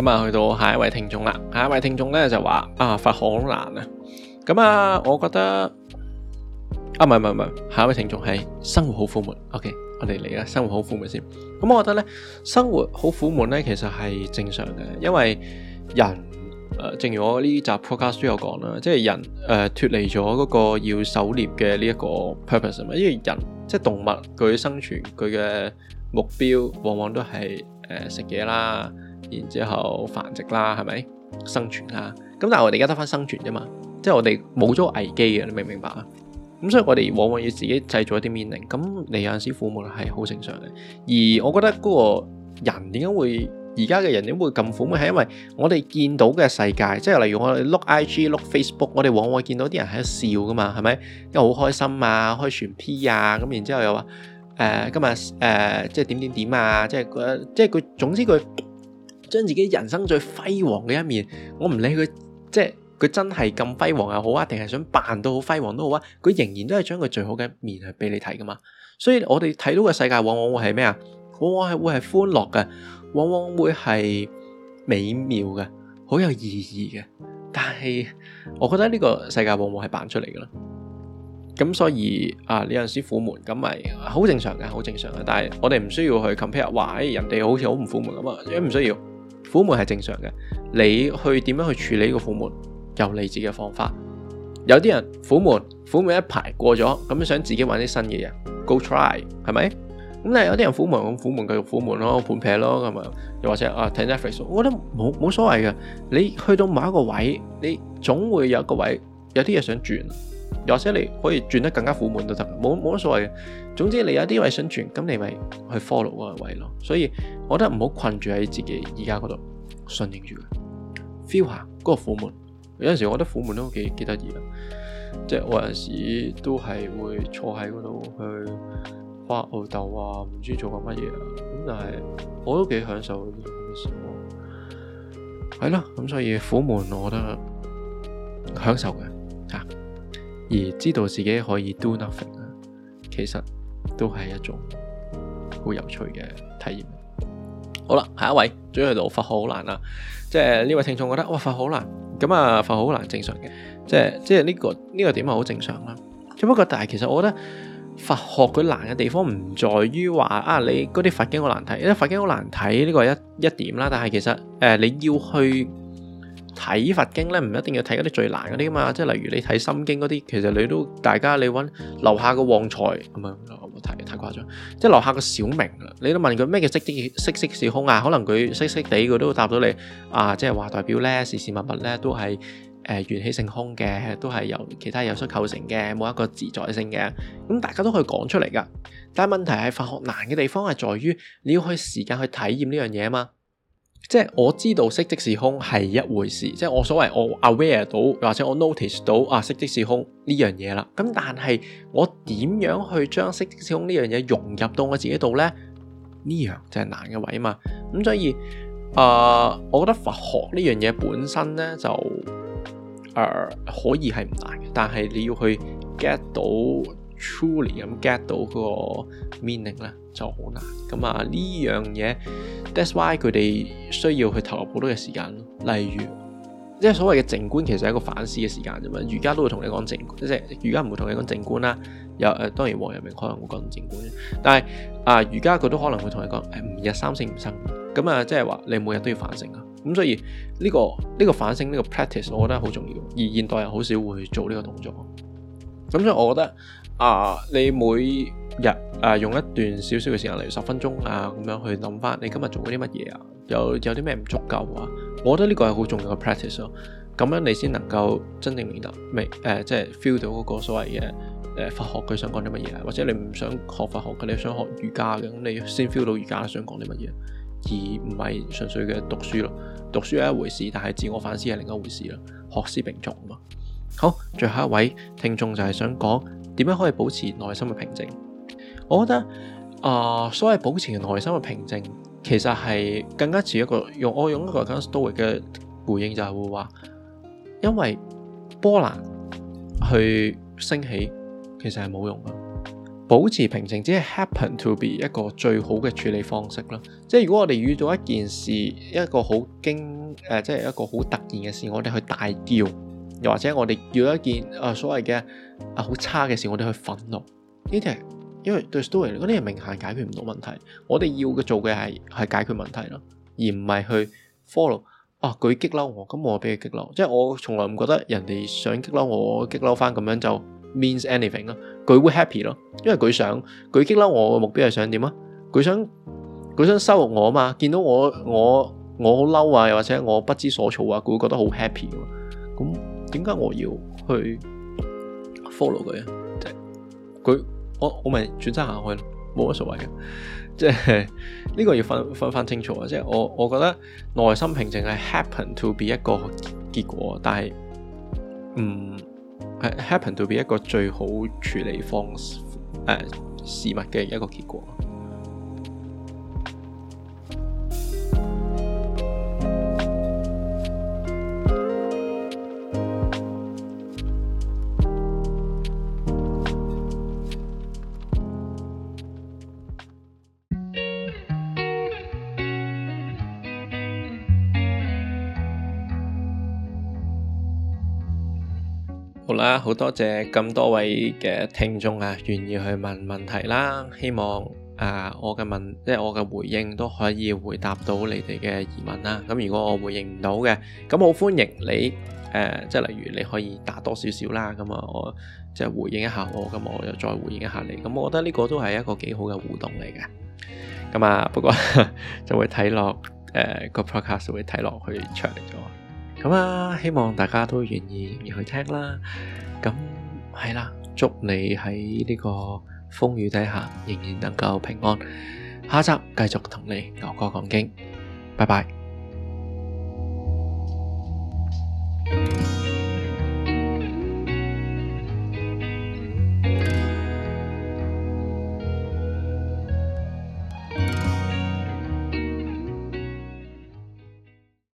咁啊，去到下一位聽眾啦。下一位聽眾咧就話啊，發好難啊。咁啊，我覺得啊，唔係唔係唔係，下一位聽眾係生活好苦悶。OK，我哋嚟啦，生活好苦悶先。咁我覺得咧，生活好苦悶咧，其實係正常嘅，因為人誒，正如我呢集 podcast 都有講啦，即係人誒脫離咗嗰個要狩獵嘅呢一個 purpose 啊嘛，因為人即係動物，佢生存佢嘅目標往往都係誒食嘢啦。然之後繁殖啦，係咪生存啦？咁但係我哋而家得翻生存啫嘛，即係我哋冇咗危機嘅，你明唔明白啊？咁所以我哋往往要自己製造一啲命令。咁你有陣時苦悶係好正常嘅。而我覺得嗰個人點解會而家嘅人點會咁苦悶，係因為我哋見到嘅世界，即係例如我哋 look IG look Facebook，我哋往往見到啲人係喺度笑噶嘛，係咪？因為好開心啊，開船 P 啊，咁然之後又話誒、呃、今日誒、呃、即係點點點啊，即係佢即係佢總之佢。將自己人生最輝煌嘅一面，我唔理佢，即係佢真係咁輝煌又好啊，定係想扮到好輝煌都好啊，佢仍然都係將佢最好嘅一面去俾你睇噶嘛。所以我哋睇到嘅世界往往會係咩啊？往往係會係歡樂嘅，往往會係美妙嘅，好有意義嘅。但係我覺得呢個世界往往係扮出嚟噶啦。咁所以啊，有陣時苦悶，咁咪好正常嘅，好正常嘅。但係我哋唔需要去 compare，話誒人哋好似好唔苦悶咁啊，唔需要。虎門係正常嘅，你去點樣去處理個虎門有你自己嘅方法。有啲人虎門，虎門一排過咗，咁想自己玩啲新嘅嘢 go try 係咪？咁但係有啲人虎門，咁虎門繼續虎門咯，換劈咯咁啊，又或者啊睇 Netflix，我覺得冇冇所謂嘅。你去到某一個位，你總會有一個位，有啲嘢想轉。或者你可以轉得更加苦悶都得，冇冇乜所謂嘅。總之你有啲位想轉，咁你咪去 follow 嗰個位咯。所以我覺得唔好困住喺自己而家嗰度，順應住佢，feel 下嗰個苦悶。有陣時我覺得苦悶都幾幾得意嘅，即係我有陣時都係會坐喺嗰度去發吽哣啊，唔知做緊乜嘢啊。咁但係我都幾享受呢種嘅生活，係咯。咁所以苦悶，我覺得享受嘅嚇。啊而知道自己可以 do nothing，其實都係一種好有趣嘅體驗。好啦，下一位，最近佛學好難啊，即係呢位聽眾覺得哇，佛好難，咁啊，佛好難，正常嘅，即係即係呢個呢個點係好正常啦。只不過但係其實我覺得佛學佢難嘅地方唔在於話啊，你嗰啲佛經好難睇，因為佛經好難睇呢個係一一點啦。但係其實誒、呃、你要去。睇佛經咧，唔一定要睇嗰啲最難嗰啲啊嘛，即係例如你睇《心經》嗰啲，其實你都大家你揾樓下個旺財，唔係太太誇張，即係樓下個小明，你都問佢咩叫色即色即是空啊？可能佢色色地，佢都答到你啊，即係話代表咧，事事物物咧都係誒緣起性空嘅，都係由其他因素構成嘅，冇一個自在性嘅，咁大家都可以講出嚟噶。但係問題係佛學難嘅地方係在於你要去時間去體驗呢樣嘢啊嘛。即係我知道色即是空係一回事，即係我所謂我 aware 到，或者我 notice 到啊色即是空呢樣嘢啦。咁但係我點樣去將色即是空呢樣嘢融入到我自己度呢？呢樣就係難嘅位嘛。咁所以啊、呃，我覺得佛學呢樣嘢本身呢，就誒、呃、可以係唔難嘅，但係你要去 get 到。truly 咁 get 到嗰個 meaning 啦，就好難咁啊呢樣嘢，that's why 佢哋需要去投入好多嘅時間。例如，即係所謂嘅靜觀，其實係一個反思嘅時間啫嘛。儒家都會同你講靜，即係儒家唔會同你講靜觀啦。有誒、呃，當然王陽明可能會講靜觀，但係啊儒家佢都可能會同你講誒，吾日三省吾身咁啊，即係話你每日都要反省啊。咁所以呢個呢個反省呢個 practice，我覺得好重要。而現代人好少會做呢個動作。咁所以，我覺得。啊！你每日啊用一段少少嘅時間，例如十分鐘啊，咁樣去諗返你今日做過啲乜嘢啊？有有啲咩唔足夠啊？我覺得呢個係好重要嘅 practice 咯、啊。咁樣你先能夠真正明白，未、呃、誒即係 feel 到嗰個所謂嘅誒佛學佢想講啲乜嘢啊？或者你唔想學佛學嘅，你想學瑜伽嘅，咁你先 feel 到瑜伽想講啲乜嘢，而唔係純粹嘅讀書咯。讀書係一回事，但係自我反思係另一回事啦。學思並重嘛。好，最後一位聽眾就係想講點樣可以保持內心嘅平靜？我覺得啊、呃，所謂保持內心嘅平靜，其實係更加似一個用我用一個更加 story 嘅回應就係會話，因為波瀾去升起其實係冇用嘅，保持平靜只係 happen to be 一個最好嘅處理方式啦。即係如果我哋遇到一件事一個好驚誒，即係一個好突然嘅事，我哋去大叫。又或者我哋要一件啊所謂嘅啊好差嘅事，我哋去憤怒呢啲係，因為對 Stoic 嚟講，呢啲係明顯解決唔到問題。我哋要嘅做嘅係係解決問題咯，而唔係去 follow 啊佢激嬲我，咁我俾佢激嬲。即係我從來唔覺得人哋想激嬲我，激嬲翻咁樣就 means anything 咯。佢會 happy 咯，因為佢想佢激嬲我嘅目標係想點啊？佢想佢想羞辱我啊嘛！見到我我我好嬲啊，又或者我不知所措啊，佢會覺得好 happy 咁。點解我要去 follow 佢？即係佢，我我咪轉身行去，冇乜所謂嘅。即係呢個要分分翻清楚啊！即係我我覺得內心平靜係 happen to be 一個結果，但係嗯，係 happen to be 一個最好處理方式，啊、事物嘅一個結果。好多謝咁多位嘅聽眾啊，願意去問問題啦。希望啊，我嘅問即係我嘅回應都可以回答到你哋嘅疑問啦。咁如果我回應唔到嘅，咁好歡迎你誒，即係例如你可以打多少少啦。咁啊，我即係回應一下我，咁我又再回應一下你。咁我覺得呢個都係一個幾好嘅互動嚟嘅。咁啊，不過就會睇落誒個 Podcast 會睇落去長咗。咁啊、嗯，希望大家都願意仍然去聽啦。咁係啦，祝你喺呢個風雨底下仍然能夠平安。下一集繼續同你牛哥講經，拜拜。